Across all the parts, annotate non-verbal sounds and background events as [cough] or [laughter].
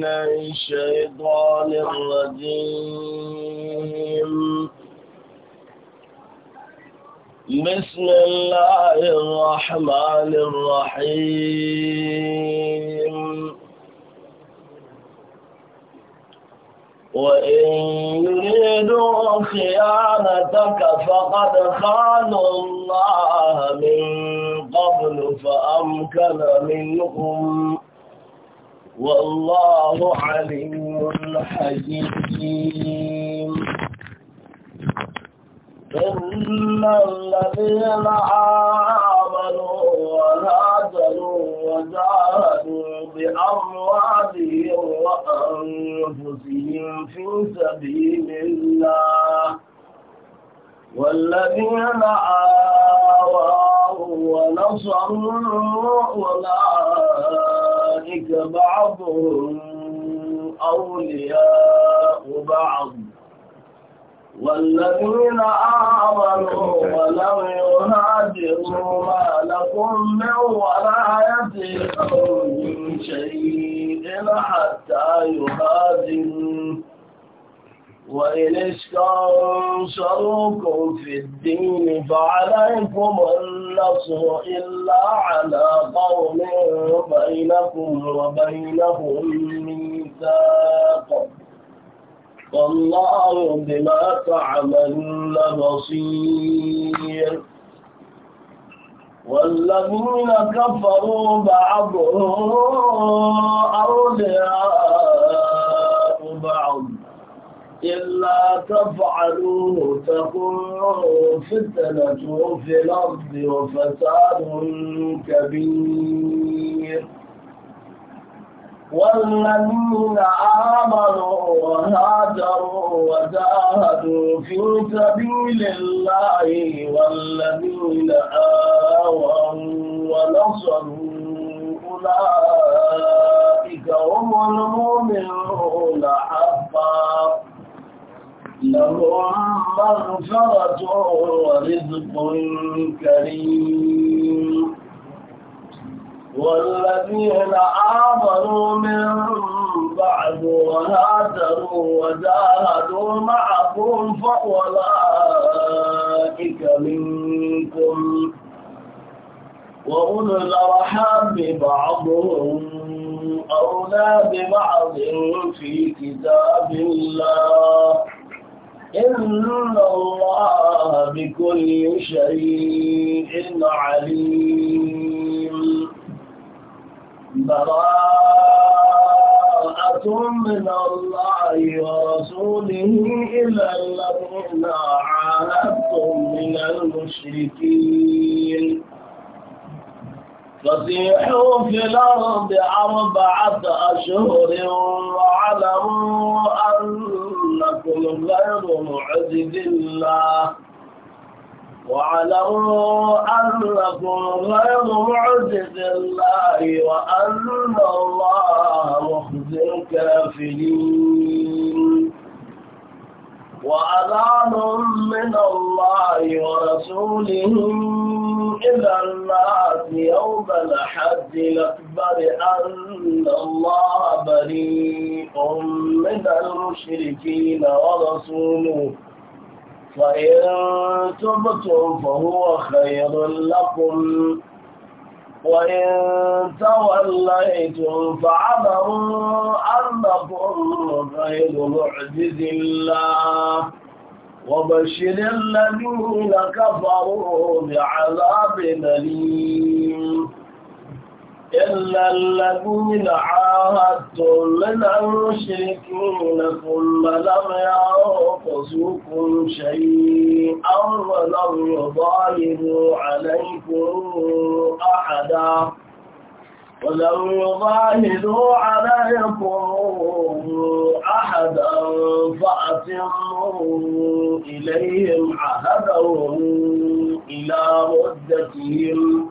من الشيطان الرجيم بسم الله الرحمن الرحيم وإن يريدوا خيانتك فقد خانوا الله من قبل فأمكن منهم والله عليم حكيم إن الذين آمنوا وهاجروا وجاهدوا بأموالهم وأنفسهم في سبيل الله والذين آواه ونصروا أولئك أولئك بعضهم أولياء بعض والذين آمنوا ولم يهاجروا ما لكم من ولايتهم من شيء حتى يهاجروا وإن استنصروكم في الدين فعليكم النصر إلا على قوم بينكم وبينهم ميثاق والله بما تعملون بصير والذين كفروا بعضهم أولياء بعض إلا تفعلوه تكون فتنة في الأرض وفساد كبير والذين آمنوا وهاجروا وجاهدوا في سبيل الله والذين آووا ونصروا أولئك هم المؤمنون حقا لهم مغفرة ورزق كريم والذين آمنوا من بعد وهاجروا وجاهدوا معكم فأولئك منكم وأولو الأرحام بعضهم أولى ببعض في كتاب الله إن الله بكل شيء عليم براءة من الله ورسوله إلى الذين عاهدتم من المشركين فسيحوا في الأرض أربعة أشهر واعلموا أن لكم غير معجز الله وعلموا أنكم غير معجز الله وأن الله مخزي الكافرين وأذان من الله ورسوله إلى الناس يوم الحج الأكبر أن الله بريء من المشركين ورسوله فإن تبتم فهو خير لكم وإن توليتم فاعلموا أنكم غير معجز الله وبشر الذين كفروا بعذاب أليم إلا الذين عاهدتم من المشركين ثم لم ينقصوكم شيئا ولم يظاهروا عليكم أحدا ولم يظاهروا عليكم أحدا فأتموا إليهم عهدهم إلى مدتهم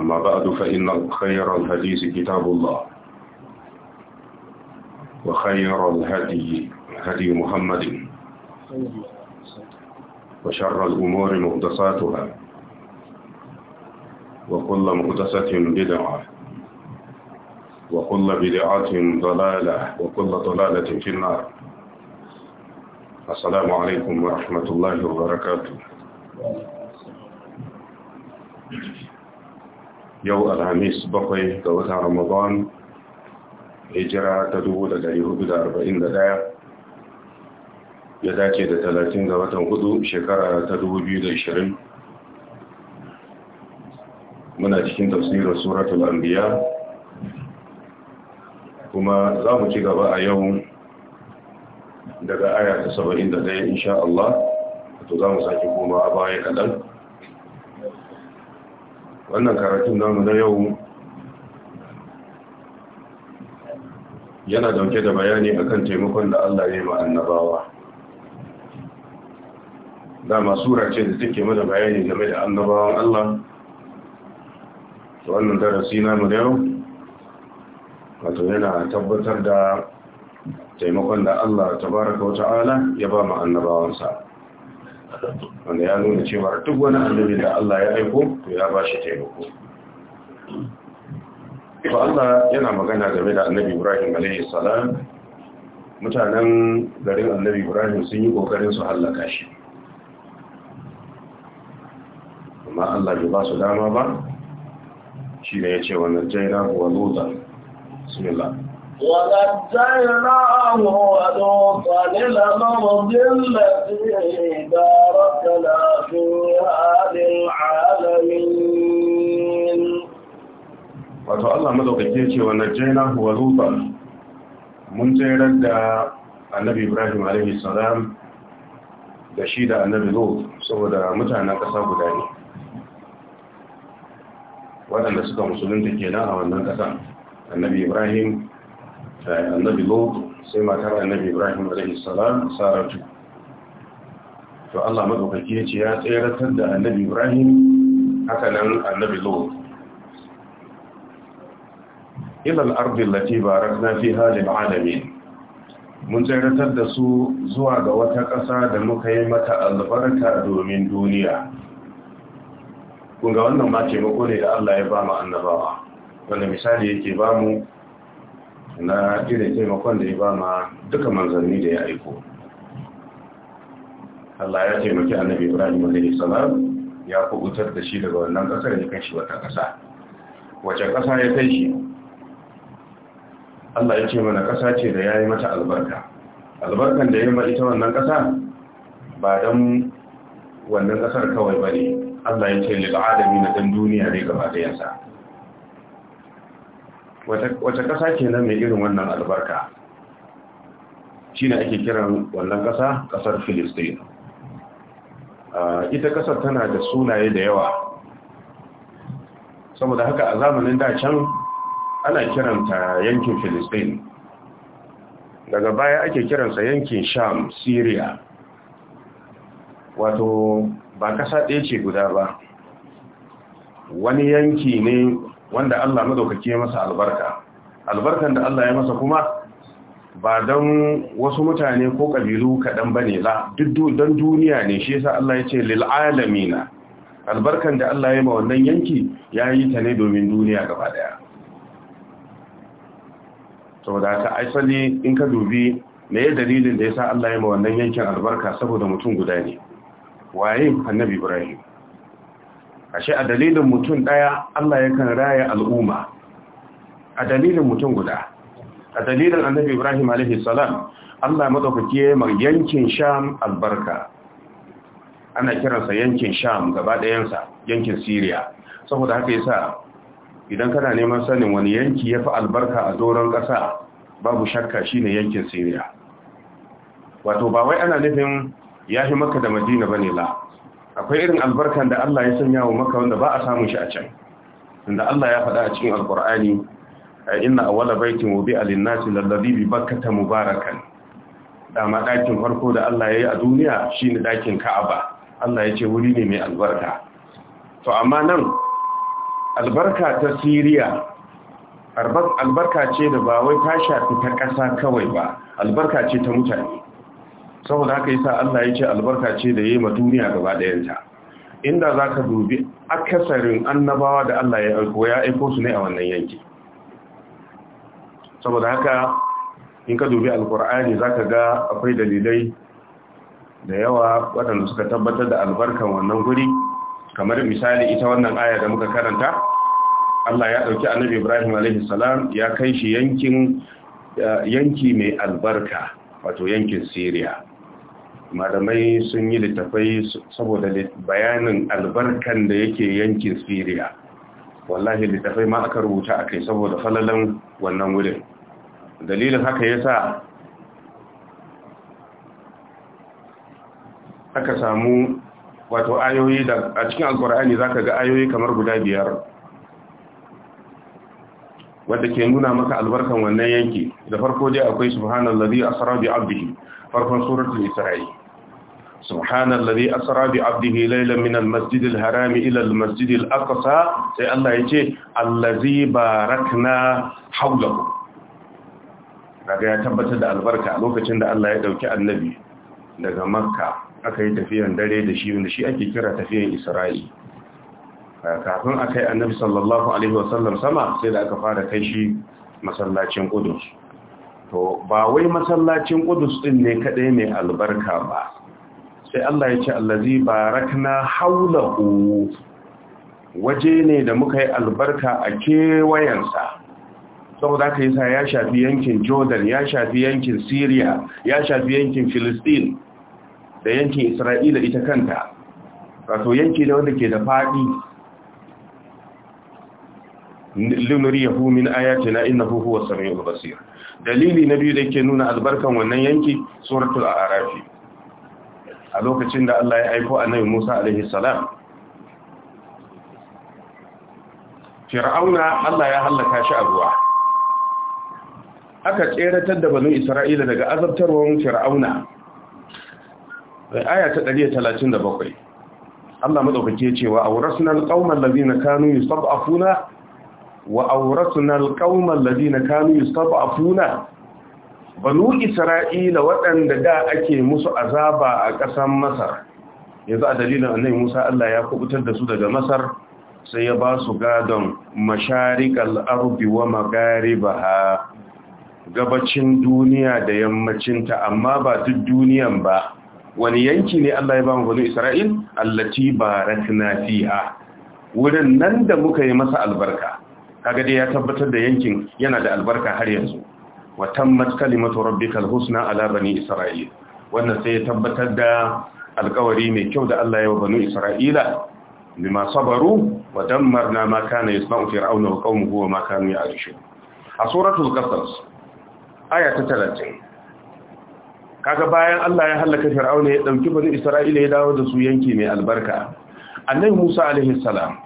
أما بعد فإن خير الحديث كتاب الله وخير الهدي هدي محمد وشر الأمور مهدساتها وكل مهدسة بدعة وكل بدعة ضلالة وكل ضلالة في النار السلام عليكم ورحمة الله وبركاته yau alhamis bakwai ga wata ramadan hijira ta dubu da da dari da arba'in 1441 ya dace da talatin ga watan hudu shekara ta dubu biyu da ishirin. muna cikin tafsirin suratul anbiya kuma za mu ci gaba a yau daga aya ta 71 insha Allah to za mu sake koma a baya kaɗan wannan karatun namu na yau yana dauke da bayani akan taimakon da Allah ya yi ma annabawa dama sura ce da take mana bayani game da annabawan Allah wannan darasi namu na yau wato yana tabbatar da taimakon da Allah tabaraka wa ya ba mu annabawansa wanda ya nuna cewa duk wani annabi da Allah ya aiko to ya bashi taimako to Allah yana magana game da annabi Ibrahim alaihi salam mutanen garin annabi Ibrahim sun yi kokarin su hallaka shi amma Allah bai ba su dama ba shi ne ya ce wannan jaina wa lutan bismillah ونجيناه ولوطا للأرض التي باركنا فيها للعالمين wato Allah madaukake ce wa najjayna huwa, lutan mun tsayar da annabi Ibrahim alaihi salam da shi da annabi Lut saboda mutanen ƙasa guda ne waɗanda suka musulunta nan a wannan ƙasa annabi Ibrahim Eh, annabi lot sai matar annabi ibrahim alaihi salam saratu to Allah madaukaki ya ce ya tseratar da annabi ibrahim haka nan annabi lot ila al-ardi allati barakna fi lil alamin mun tseratar da su zuwa ga wata ƙasa da muka yi mata albarka domin duniya kun ga wannan ma taimako ne da Allah ya ba mu annabawa wanda misali yake ba mu na irin taimakon da ya ba ma duka manzanni da ya aiko Allah ya taimaki annabi Ibrahim Alayhi salam ya kubutar da shi daga wannan kasar ya kai shi wata kasa wace kasa ya kai shi Allah ya ce mana kasa ce da ya yi mata albarka albarkan da ya yi ita wannan kasa ba don wannan kasar kawai ba ne. Allah ya ce lil na dan duniya ne gaba da yansa wata ƙasa ke nan mai irin wannan albarka shi ne ake kiran wannan ƙasa ƙasar filistin ita ƙasar tana da sunaye da yawa saboda haka a zamanin da can ana kiranta yankin filistin daga baya ake kiransa yankin sham syria wato ba ƙasa ɗaya ce guda ba wani yanki ne wanda Allah ya masa albarka albarkan da Allah ya masa kuma ba don wasu mutane ko kabilu kaɗan ba ne la don duniya ne shi yasa Allah ya ce lil'alamina albarkan da Allah ya ma wannan yanki ya yi ta ne domin duniya gaba daya saboda ka aisali in ka dubi na yi dalilin da ya sa Allah ya ma wannan yankin albarka saboda mutum guda ne waye annabi Ibrahim ashe a dalilin mutum ɗaya Allah yakan raya al'umma a dalilin mutum guda a dalilin annabi Ibrahim alaihi salam Allah madaukaki ya yi yankin Sham albarka ana kiransa yankin Sham gaba ɗayansa yankin Syria saboda haka yasa idan kana neman sanin wani yanki ya yafi albarka a doron ƙasa babu shakka shine yankin Syria wato ba wai ana nufin yahi Makka da Madina bane la akwai irin albarkan da Allah ya sanya wa maka wanda ba a samu shi a can inda Allah ya faɗa a cikin alkur'ani inna awwala baitin wudi'a lin-nasi lalladhi bi bakkata mubarakan dama dakin farko da Allah ya yi a duniya shine dakin Ka'aba Allah ya ce wuri ne mai albarka to amma nan albarka ta Siriya albarka ce da ba wai ta shafi ta ƙasa kawai ba albarka ce ta mutane saboda haka yasa Allah ya ce albarka ce da yayi ma gaba gaba yanta. inda zaka dubi akasarin annabawa da Allah ya aiko ya aiko su ne a wannan yanki saboda haka in ka dubi alkur'ani zaka ga akwai dalilai da yawa wadanda suka tabbatar da albarkan wannan guri kamar misali ita wannan aya da muka karanta Allah ya ɗauki annabi Ibrahim alaihi salam ya kai shi yankin eh, yanki mai albarka wato yankin Syria malamai sun yi littafai saboda bayanin albarkan da yake yankin siriya wallahi littafai ma aka rubuta a kai saboda falalan wannan wurin dalilin haka ya sa aka samu wato ayoyi da a cikin alkur'ani za ka ga ayoyi kamar guda biyar wadda ke nuna maka albarkan wannan yanki da farko dai akwai subhanallah, subhanallazi asra bi abdihi farkon suratul isra'i سبحان الذي أسرى بعبده ليلا من المسجد الحرام إلى المسجد الأقصى سي الله يجي الذي باركنا حوله daga ya tabbatar da albarka a lokacin da Allah ya dauki annabi daga makka aka yi tafiyan dare da shi wanda shi ake kira tafiyan isra'i kafin aka yi annabi sallallahu alaihi wasallam sama sai da aka fara kai shi masallacin kudus to ba wai masallacin kudus din ne kadai mai albarka ba sai Allah ya ce allazi barakna haulahu waje ne da muka yi albarka a kewayensa saboda ka yi sa ya shafi yankin jordan ya shafi yankin syria ya shafi yankin philistine da yankin isra'ila ita kanta wato yanki ne wanda ke da faɗi linuriyahu min ina innahu sami samiul basir dalili na biyu da yake nuna albarkan wannan yanki suratul arafi. a lokacin da Allah ya aiko annabi Musa alaihi salam Fir'auna Allah ya halaka shi a ruwa aka tseratar da banu Isra'ila daga azabtarwar Fir'auna aya ta 137 Allah madaukake cewa awrasnal qauman ladina kanu yustab'afuna wa awrasnal qauman ladina kanu yustab'afuna banu isra'ila waɗanda da ake musu azaba a ƙasar masar yanzu a dalilin annabi musa allah ya kubutar da su daga masar sai ya ba su gadon masharikal arbi wa magaribaha gabacin duniya da yammacinta amma ba duk duniyan ba wani yanki ne allah ya ba mu banu isra'il allati barakna fiha wurin nan da muka yi masa albarka kaga dai ya tabbatar da yankin yana da albarka har yanzu wa tammat kalimatu rabbikal husna ala bani Isra'ila, wannan sai ya tabbatar da alƙawari mai kyau da Allah ya wa bani isra'ila bima sabaru wa dammarna ma kana yasma'u fir'auna wa qaumuhu wa ma kanu ya'rishun a suratul qasas aya ta 30 kaga bayan Allah ya halaka Fir'auna ya dauki bani Isra'ila ya dawo da su yanki mai albarka annabi Musa alaihi salam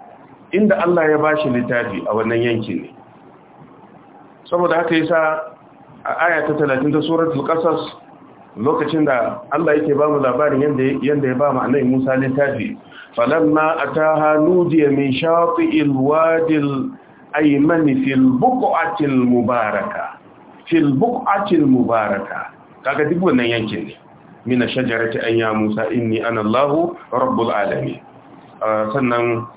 inda Allah ya bashi littafi a wannan yankin ne saboda haka yasa a aya ta 30 ta suratul qasas lokacin da Allah yake ba mu labarin yanda ya ba mu annabi Musa littafi falamma ataha nudiya min shati'il wadil ayman fil buqatil mubaraka fil buqatil mubaraka kaga duk wannan yankin ne min shajarati an ya Musa inni ana Allahu rabbul alamin sannan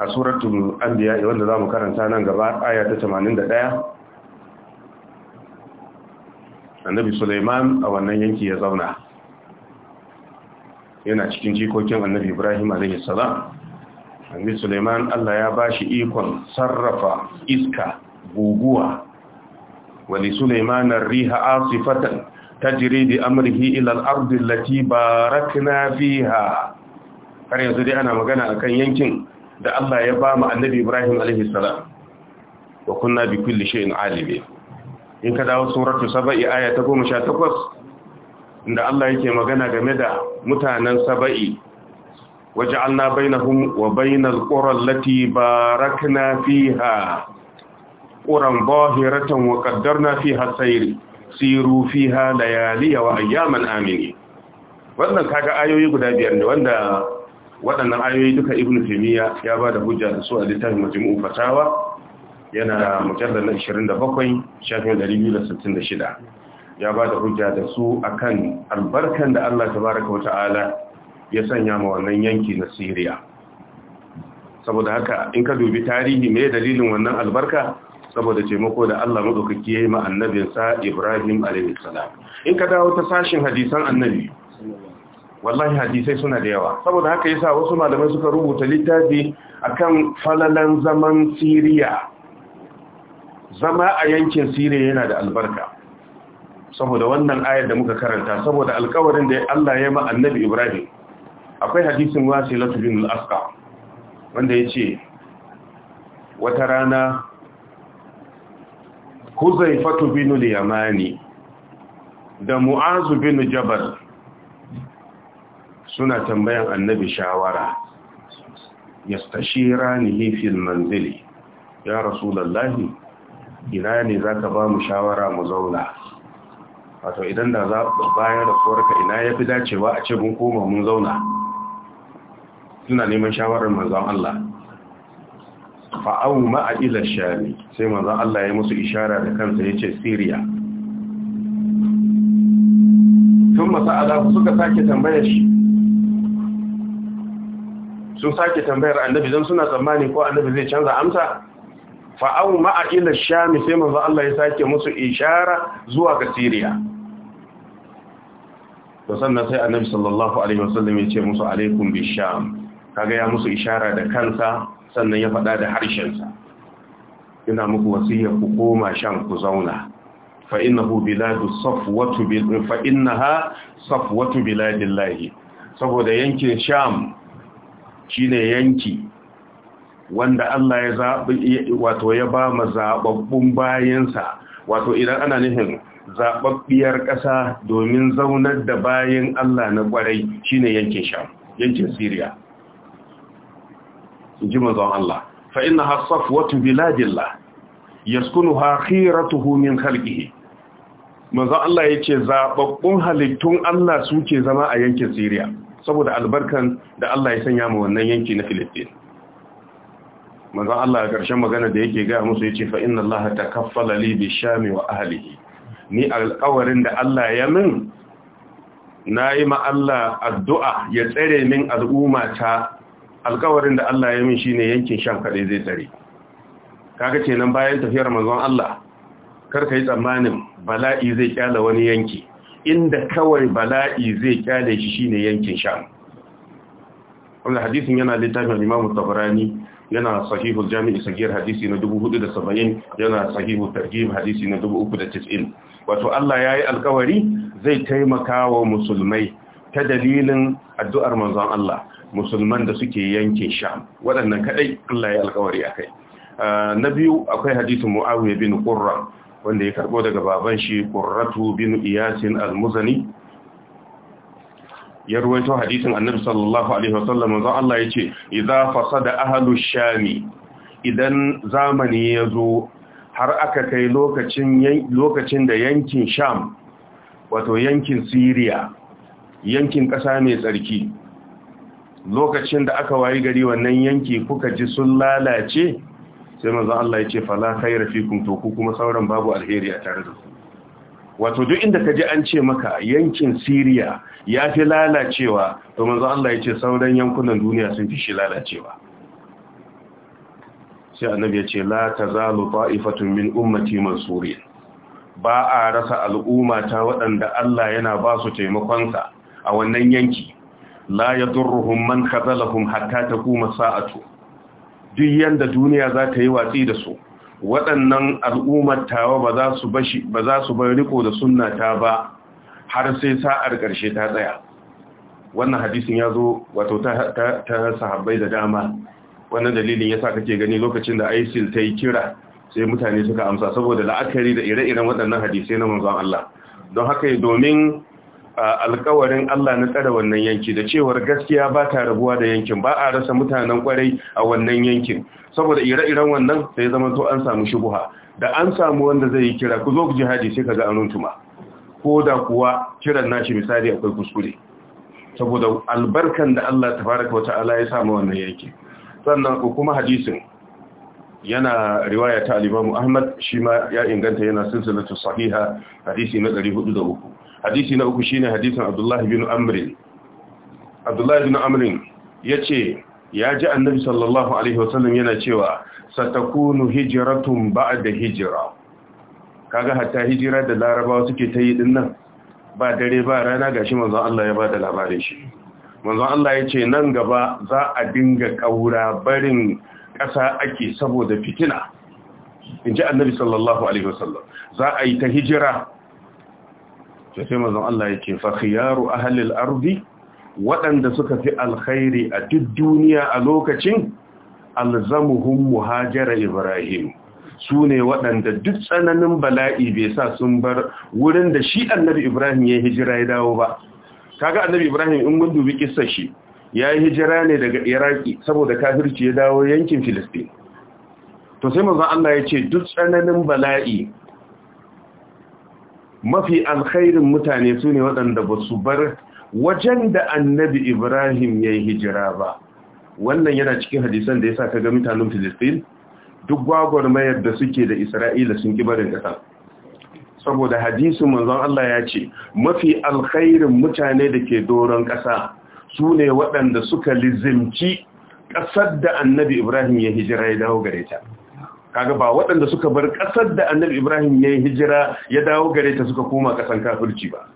a suratul anbiya wanda zamu karanta nan gaba aya ta 81 annabi Suleiman a wannan yanki ya zauna yana cikin jikokin annabi Ibrahim alaihi annabi Suleiman Allah ya ba shi ikon sarrafa iska guguwa wali Sulaiman ar-riha asifatan tajri bi amrihi ila al-ard fiha har yanzu dai ana magana akan yankin da Allah ya ba mu annabi Ibrahim alaihi salam wa kunna bi kulli shay'in alimin in ka dawo suratu saba'i aya ta goma sha takwas inda Allah yake magana game da mutanen saba'i waje na bainahum wa bainal ƙoran lati barakna fiha ƙoran bahiratan wa na fiha sairi siru fiha layaliya wa ayyaman amini wannan kaga ayoyi guda biyar ne wanda waɗannan ayoyi duka ibn taymiya ya ba da hujja da su a littafin majmu'u fatawa yana mujallar na 27 shafin 266 ya ba da hujja da su akan albarkan da Allah tabaraka wa ya sanya ma wannan yanki na Siriya saboda haka in ka dubi tarihi mai dalilin wannan albarka saboda taimako da Allah madaukaki ya yi ma annabinsa Ibrahim alaihi in ka dawo ta sashin hadisan annabi wallahi hadisai suna da yawa saboda haka yasa wasu malamai suka rubuta littafi akan falalan zaman Siriya zama a yankin sire yana da albarka saboda wannan ayar da muka karanta saboda alkawarin da Allah ya ma annabi Ibrahim akwai hadisin wasilatu bin al-asqa wanda yace wata rana huzaifatu bin al-yamani da mu'azu bin jabal suna tambayan annabi shawara fi al manzili ya rasulullahi ina ne za ka ba mu shawara mu zauna wato idan da za bayan kowarka ina ya fi dacewa a ce mun koma mun zauna suna neman shawarar manzon Allah ma a ila shami sai manzon Allah ya musu ishara da kansa ya ce siriya sun masa'ala suka sake tambayar shi sun sake tambayar annabi don suna tsammani ko annabi zai canza amsa fa'au ma'a ila shami sai manzo Allah ya sake musu ishara zuwa ga Siriya to sannan sai annabi sallallahu alaihi wasallam ya ce musu alaikum bi sham kaga ya musu ishara da kansa sannan ya faɗa da harshen sa ina muku wasiya ku koma sham ku zauna fa innahu biladu safwatu bil fa innaha safwatu biladillahi saboda yankin sham shine yanki wanda Allah ya zaɓi wato ya ba ma zaɓaɓɓun bayansa wato idan ana nufin zaɓaɓɓiyar ƙasa domin zaunar da bayan Allah na ƙwarai shine yankin sham yankin Siriya ji manzon Allah fa inna hasaf watu biladillah yaskunuha khiratuhu min khalqihi Allah yace zaɓaɓɓun halittun Allah suke zama a yankin Siriya saboda albarkan da Allah ya sanya ma wannan yanki na Filistin manzon Allah a ƙarshen magana da yake ga musu yace fa inna Allah takaffala li bi shami wa ahlihi ni alƙawarin da Allah ya min nayi ma Allah addu'a ya tsare min al'umma ta alƙawarin da Allah ya min shine yankin sham kaɗai zai tsare kaga nan bayan tafiyar manzon Allah kar ka yi tsammanin bala'i zai kyala wani yanki inda kawai bala'i zai kyale shi shine yankin sham wannan hadisin yana littafin Imam Tabarani yana sahihu jami'i sagir hadisi na 470 yana sahihu tarjim hadisi na 390 wato Allah yayi alkawari zai taimaka wa musulmai ta dalilin addu'ar manzon Allah musulman da suke yanke Sham waɗannan kadai Allah yayi alkawari akai na biyu akwai hadisin Muawiya bin Qurra wanda ya karbo daga baban shi Qurratu bin Iyasin al-Muzani ya ruwaito hadisin annabi sallallahu alaihi wasallam manzo Allah yace idza fasada ahlu shami idan zamani ya zo har aka kai lokacin lokacin da yankin sham wato yankin Syria yankin ƙasa mai tsarki lokacin da aka wayi gari wannan yanki kuka ji sun lalace sai manzo Allah yace fala khayra fikum to ku kuma sauran babu alheri a tare da ku wato duk inda ka ji an ce maka yankin Siriya ya fi lalacewa to manzo Allah ya ce sauran yankunan duniya sun fi shi lalacewa sai annabi ya ce la tazalu ta'ifatun min ummati mansurin ba a rasa al'umma ta waɗanda Allah yana ba su taimakonsa a wannan yanki la yadurruhum man khazalahum hatta takuma sa'atu duk yanda duniya za ta yi watsi da su waɗannan al'ummar tawa ba za su bar riko da sunna ta ba har sai sa'ar ƙarshe ta tsaya wannan hadisin ya zo wato ta, sahabbai da dama wannan dalilin ya sa kake gani lokacin da aisil ta yi kira sai mutane suka amsa saboda la'akari da ire-iren waɗannan hadisai na manzon Allah don haka domin alkawarin Allah na tsare wannan yanki da cewar gaskiya ba ta rabuwa da yankin ba a rasa mutanen kwarai a wannan yankin saboda ire-iren wannan sai zama to an samu shubuha da an samu wanda zai yi kira ku zo ku jihadi sai ka za an runtuma ko da kuwa kiran nashi misali akwai kuskure saboda albarkan da Allah tabaraka wa ta'ala ya samu wannan yankin sannan kuma hadisin yana riwaya ta al Ahmad shi ma ya inganta yana silsilatu sahiha hadisi na 403 hadisi na uku shine hadisin Abdullah bin Amr Abdullah bin Amr yace ya ji annabi sallallahu alaihi wasallam yana cewa satakunu hijratun ba'da hijra kaga hatta hijira da larabawa suke ta yi dinnan ba dare ba rana gashi manzon Allah ya bada labarin shi manzon Allah yace nan gaba za a dinga kaura barin ƙasa ake saboda fitina in ji annabi sallallahu alaihi wasallam za a yi ta hijira to sai mazan Allah yake fa khiyaru ahli al-ardi waɗanda suka fi alkhairi a duk duniya a lokacin alzamuhum muhajara ibrahim Sune ne waɗanda duk tsananin bala'i bai sa sun bar wurin da shi annabi ibrahim ya hijira ya dawo ba kaga annabi ibrahim in mun dubi kissar shi ya yi hijira ne daga iraki saboda kafirci ya dawo yankin filistin to sai Allah ya ce duk tsananin bala'i mafi alkhairin mutane su ne waɗanda ba su bar wajen da annabi ibrahim ya yi hijira ba wannan yana cikin hadisan da ya sa ka ga mutanen filistin duk gwagwarmayar da suke da isra'ila sun ƙi barin ƙasa saboda hadisin manzon allah ya ce mafi alkhairin mutane da ke doron ƙasa su ne waɗanda suka lizimci ƙasar da annabi ibrahim ya hijira ya dawo gare ta kaga ba waɗanda suka bar ƙasar da annabi ibrahim ya yi hijira ya dawo gare ta suka koma ƙasan kafirci ba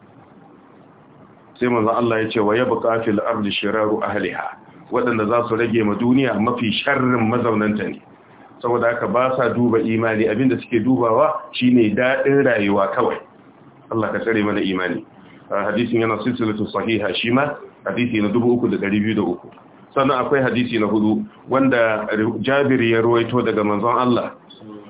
sai manzan Allah ya ce wa ya buƙa fil ardi shiraru ha, waɗanda za su rage ma duniya mafi sharrin mazaunanta ne saboda haka ba sa duba imani abinda suke dubawa shine daɗin rayuwa kawai Allah ka tsare mana imani hadisin yana silsilatu sahiha shi ma hadisi na uku. sannan akwai hadisi na hudu wanda jabir ya ruwaito daga manzon Allah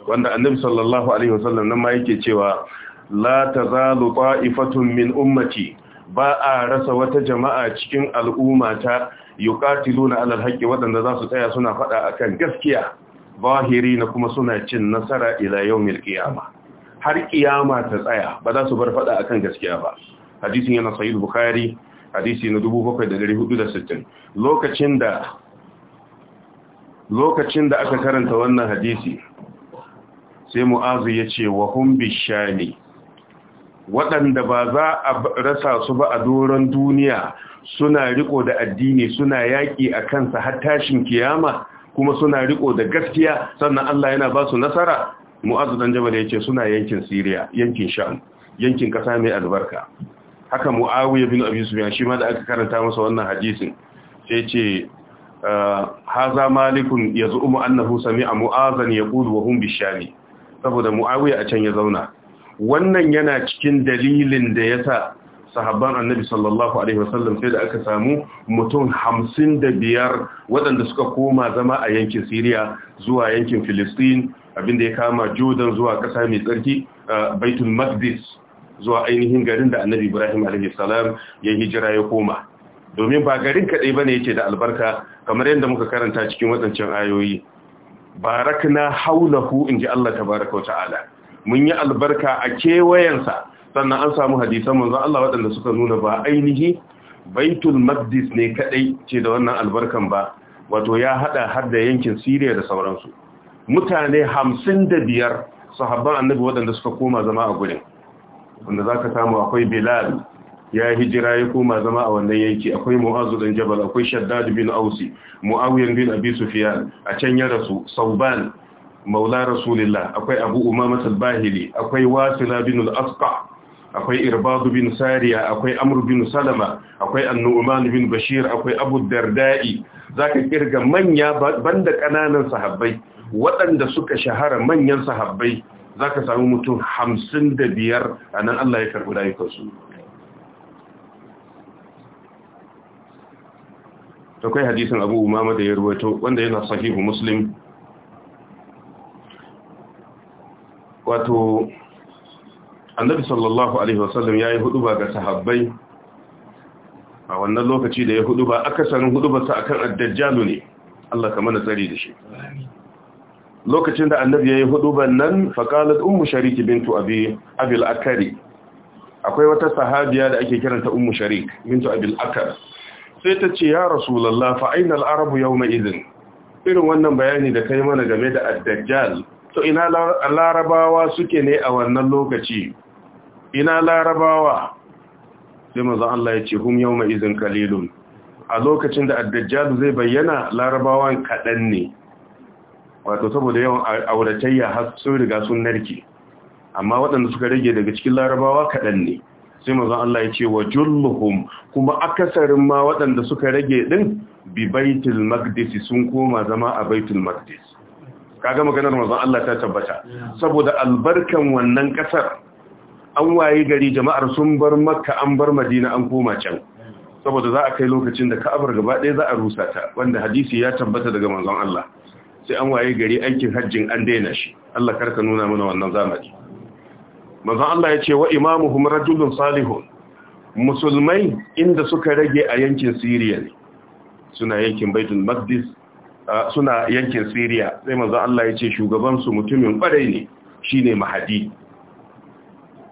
wanda annabi sallallahu alaihi wasallam nan ma yake cewa la tazalu qa'ifatun min ummati ba a rasa wata jama'a cikin al'ummata yuqatiluna alal haqqi wadanda za su tsaya suna fada akan gaskiya zahiri na kuma suna cin nasara ila yawmil qiyama har kiyama ta tsaya ba za su bar fada akan gaskiya ba hadisin yana sahih bukhari hadisi na 7460 lokacin da lokacin da aka karanta wannan hadisi sai mu'azu ya ce wa hum bishani waɗanda ba za a rasa su ba a doron duniya suna riko da addini suna yaƙi a kansa har tashin kiyama kuma suna riko da gaskiya sannan Allah yana ba su nasara mu'azu ɗan jama'a ya ce suna yankin siriya yankin sham yankin ƙasa mai albarka haka muawiya bin abi sufyan shi ma da aka karanta masa wannan hadisin sai ce ah, haza malikun yaz'umu annahu sami'a mu'azan yaqulu wa hum bishami saboda muawiya a can ya zauna wannan yana cikin dalilin da ya sa sahabban annabi sallallahu alaihi wasallam sai da aka samu mutum hamsin da biyar waɗanda suka koma zama a yankin siriya zuwa yankin filistin abinda ya kama jordan zuwa ƙasa mai tsarki ah, baitul maqdis zuwa ainihin garin da annabi ibrahim alaihi salam ya hijira ya koma domin ba garin kaɗai ba ne yake da albarka kamar yadda muka karanta cikin waɗancan ayoyi barakna haulahu in ji Allah tabaraka wa ta'ala mun yi albarka a kewayensa sannan an samu hadisan manzo Allah waɗanda suka nuna ba ainihi baitul maqdis ne kaɗai ce da wannan albarkan ba wato ya haɗa har da yankin Syria da sauransu mutane hamsin da 55 sahabban annabi waɗanda suka koma zama a gurin wanda za ka samu akwai bilal ya hijira ya koma zama a wannan yanki akwai mu'azu dan jabal akwai shaddad bin ausi muawiyan bin abi sufyan a can ya rasu sauban maula rasulillah akwai abu umama al-bahili akwai wasila bin al-asqa akwai irbadu bin sariya akwai amr bin salama akwai annu'man bin bashir akwai abu dardai zaka kirga manya banda kananan sahabbai waɗanda suka shahara manyan sahabbai za ka samu mutum hamsin da biyar a nan Allah ya karɓi rayukansu ta kai hadisun abu umama da ya ruwato wanda yana sahihu muslim wato annabi sallallahu alaihi wasallam ya yi hudu ga sahabbai a wannan lokaci da ya hudu ba sanin hudu ba akan addajjalu ne Allah ka mana tsari da shi lokacin da annabi ya yi huduban nan faƙalat umu shariki bintu abil akari akwai wata sahabiya da ake kiranta ummu sharik bintu abil akar sai ta ce ya rasulallah aina al'arabu yau mai izin irin wannan bayani da kai mana game da addajjal to ina larabawa suke ne a wannan lokaci ina larabawa sai maza Allah ya ce hum yau mai izin kalilun a lokacin da addajjal zai bayyana larabawan kaɗan ne wato saboda yawan auratayya har sun riga sun narke amma waɗanda suka rage daga cikin larabawa kaɗan ne sai mazan Allah ya ce wa julluhum kuma akasarin ma waɗanda suka rage ɗin bi baitul maqdis sun koma zama a baitul maqdis kaga maganar mazan Allah ta tabbata saboda albarkan wannan kasar, an waye gari jama'ar sun bar makka an bar madina an koma can saboda za a kai lokacin da ka'abar gaba ɗaya za a rusa ta wanda hadisi ya tabbata daga manzon Allah sai an waye gari aikin hajjin an daina shi Allah karka nuna mana wannan zamani manzon Allah ya ce wa imamuhum rajulun salihun musulmai inda suka rage a yankin Syria ne suna yankin Baitul Maqdis suna yankin Syria sai manzon Allah ya ce shugaban su mutumin kwarai ne shine mahadi.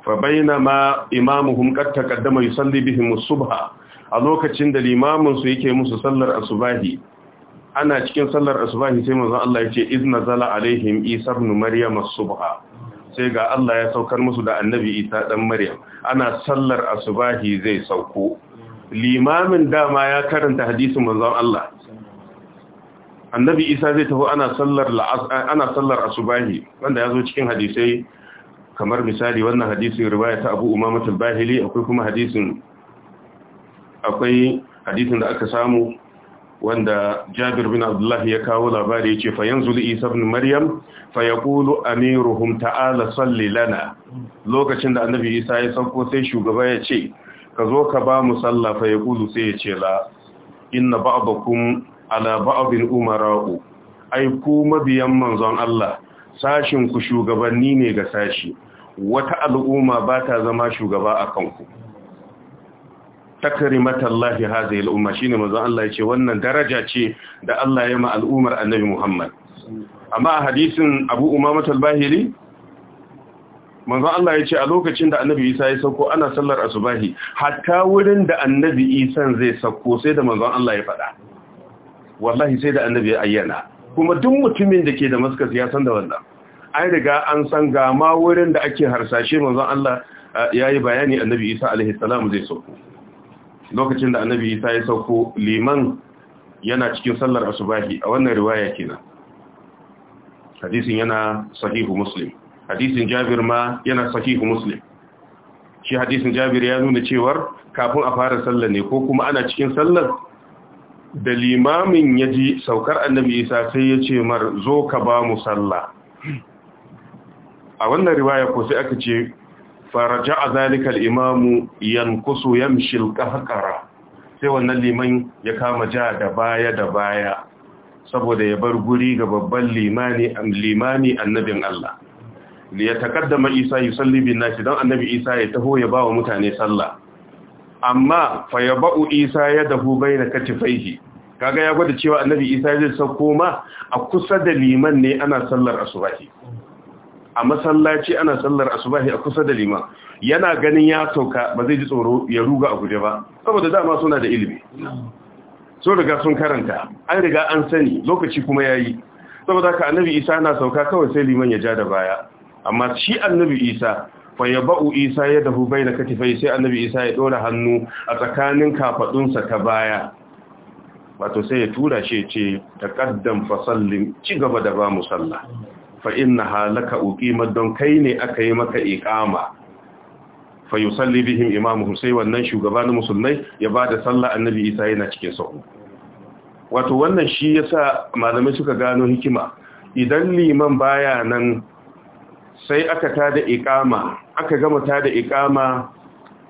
fa bainama imamuhum kat taqaddama yusalli bihim as-subha a lokacin da limamin su yake musu sallar asubahi ana cikin sallar asubahi sai manzon Allah ya ce izna zala alaihim isa ibn maryam as-subha sai ga Allah ya saukar musu da annabi isa dan maryam ana sallar asubahi zai sauko limamin dama ya karanta hadisin manzon Allah annabi isa zai taho ana sallar ana sallar asubahi wanda yazo cikin hadisai kamar misali wannan hadisin riwaya ta Abu Umama al-Bahili akwai kuma hadisin akwai hadisin da aka samu wanda jabir bin abdullah ya kawo labari yace fa yanzu li isa bin maryam fa kulu amiruhum ta'ala salli lana lokacin da annabi isa ya sauko sai shugaba ya ce ka zo ka ba mu sallah fa kulu sai ya ce la inna ba'dakum ala ba'din umara'u ai ku mabiyan manzon Allah sashin ku shugabanni ne ga sashi wata al'umma ba ta zama shugaba a kanku takrimatallahi hadhihi al-umma shine manzon Allah yace wannan daraja ce da Allah ya ma al'ummar Annabi Muhammad amma a hadisin Abu Umama al-Bahili manzon Allah yace a lokacin da Annabi Isa ya sauko ana sallar asubahi hatta wurin da Annabi Isa zai sauko sai da manzon Allah ya faɗa wallahi sai da Annabi ya ayyana kuma duk mutumin da ke da maskas ya san da wannan an riga an san ga ma wurin da ake harsashe manzon Allah eh, yayi bayani Annabi Isa alaihi salam zai sauko lokacin da annabi isa ya sauko liman yana cikin sallar asubahi a wannan riwaya kenan hadisin yana sahihu muslim hadisin jabir ma yana sahihu muslim shi hadisin jabir ya nuna cewa kafin a fara sallar ne ko kuma ana cikin sallar da limamin ya ji saukar annabi isa sai ya ce mar zo ka ba mu sallah a wannan riwaya ko sai aka ce فرجع ذلك الامام imamu yankusu yamshil ƙaƙara sai wannan liman ya kama ja da baya da baya saboda ya bar guri ga babban limani annabin Allah ya takaddama isa yusalli bin nashi don annabi isa ya taho ya ba wa mutane sallah amma fa ya ba'u isa ya dahu bai na katifaihi kaga ya gwada cewa annabi isa zai sauko ma a kusa da liman ne ana sallar asubahi a masallaci ana sallar asubahi a kusa da liman yana ganin ya sauka ba zai ji tsoro ya ruga a guje ba saboda dama suna da ilimi so riga sun karanta an riga an sani lokaci kuma ya yi. saboda ka annabi isa na sauka kawai sai liman ya ja da baya amma shi annabi isa fa ya ba'u isa ya dahu baina katifai sai annabi isa ya dora hannu a tsakanin kafaɗunsa ta baya wato sai ya tura shi ce ta fasallin, fasallin ci gaba da ba sallah. fa inna halaka uqima don kai ne aka yi maka ikama. fa salli bihim imamu sai wannan shugaban musulmai ya ba da sallah annabi Isa yana cikin sa’u wato wannan shi ya sa malamai suka gano hikima idan liman baya nan sai aka da iqama aka gama tada ikama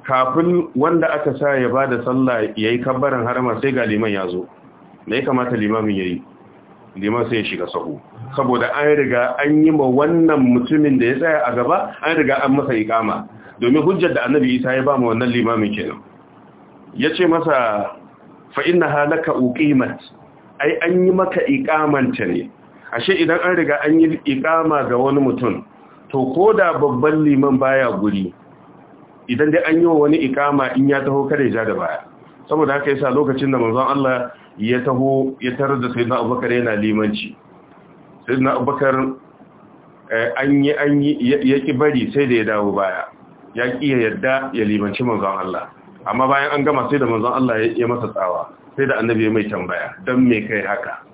kafin wanda aka sa ya ba bada sallah yayi kabbaran harama sai ga liman zo. me ya kamata limamin ya yi? liman sai ya shiga sahu saboda an riga an yi ma wannan mutumin da ya tsaya a gaba an riga an masa ikama domin hujjar da annabi isa ya ba mu wannan limamin kenan ya ce masa fa inna halaka uqimat ai an yi maka ta ne ashe idan an riga an yi ikama ga wani mutum to ko da babban liman baya guri idan dai an yi wa wani ikama in ya taho kada ya ja da baya saboda haka yasa lokacin da manzon Allah ya taho ya tarar da sayyidina Abubakar yana limanci sayyidina Abubakar eh, an yi an yi ya bari sai da ya dawo baya ya ki yadda ya limanci manzon Allah amma bayan an gama sai da manzon Allah ya masa tsawa sai da annabi ya mai tambaya dan me kai haka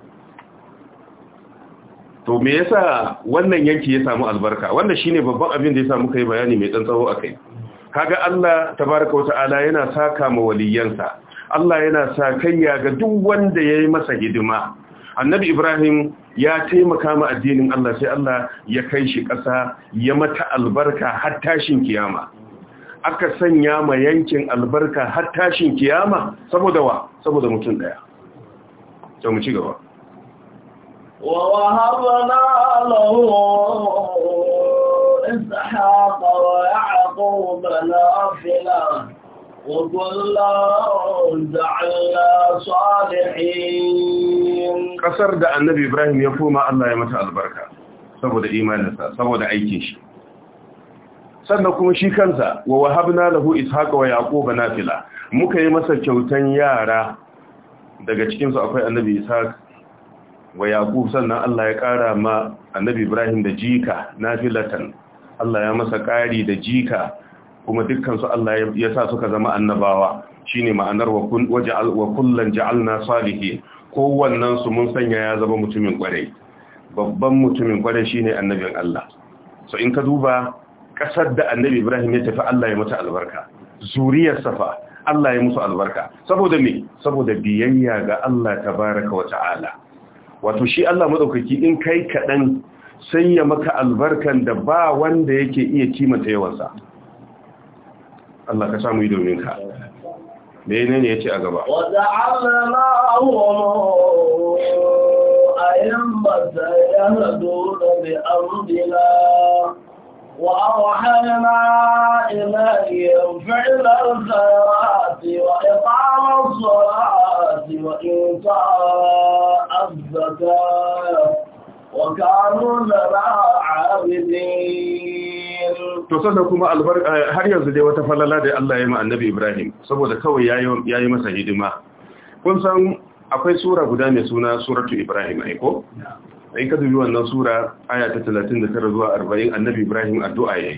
to me yasa wannan yanki ya samu albarka wanda shine babban abin da ya samu kai bayani mai tsawo akai kaga Allah tabaraka wata'ala yana saka ma waliyansa Allah yana sa kayya ga duk wanda ya yi masa hidima annabi ibrahim ya taimaka ma addinin Allah sai Allah ya kai shi ƙasa ya mata albarka har tashin kiyama aka sanya ma yankin albarka har tashin kiyama saboda wa saboda mutum daya sai mu ci gaba wa habana lahu ishaqa wa yaqub la Ƙasar da annabi Ibrahim ya koma Allah ya mata albarka saboda imaninsa, saboda aikin shi. Sannan kuma shi kansa, wa wahabna lahu ishaqa wa yaquba nafila. Muka yi masa kyautan yara daga cikinsu akwai annabi ishaq wa yaqub sannan Allah ya ƙara ma annabi Ibrahim da jika nafilatan. Allah ya masa ƙari da jika kuma dukkansu Allah ya sa suka zama annabawa shine ma'anar wa kullan ja'alna Ko kowannen su mun sanya ya zama mutumin kwarai babban mutumin kwarai shine annabin Allah so in ka duba kasar da annabi Ibrahim ya tafi Allah ya mata albarka zuriyar safa Allah ya musu albarka saboda me saboda biyayya ga Allah tabaraka wa ta'ala wato shi Allah madaukaki in kai kadan sai ya maka albarkan da ba wanda yake iya kimanta yawansa Allah ka samu yi domin ka da yi ne ya ce a gaba وأوحينا إليهم فعل الخيرات وإقام الصلاة وإيتاء الزكاة وكانوا لنا عابدين to sannan kuma eh, har yanzu dai wata falala da Allah ya yi ma annabi Ibrahim saboda kawai yayi masa hidima kun san akwai sura guda mai suna suratu Ibrahim ai ko ai ka dubi wannan sura aya ta 39 zuwa 40 annabi Ibrahim addu'a yayi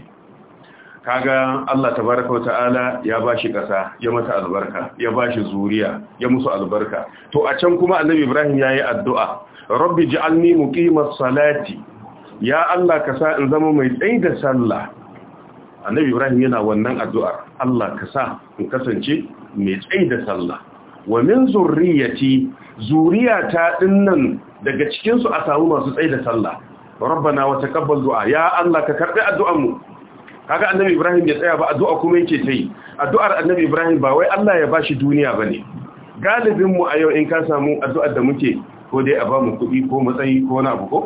kaga Allah tabaraka wa ta'ala ya bashi kasa ya mata albarka ya bashi zuriya ya musu albarka to a can kuma annabi Ibrahim yayi addu'a rabbi ja'alni muqimas salati ya Allah ka sa in zama mai tsayi da sallah annabi ibrahim yana wannan addu'ar Allah ka sa in kasance mai tsayi da sallah wa min zurriyati zuriyata dinnan daga cikin su a samu masu tsayi da sallah rabbana wa taqabbal du'a ya Allah ka karbi addu'ar mu kaga annabi ibrahim ya tsaya ba addu'a kuma yake tayi addu'ar annabi ibrahim ba wai Allah ya bashi duniya bane galibin mu a yau in ka samu addu'ar da muke ko dai a ba mu kuɗi ko matsayi ko wani abu ko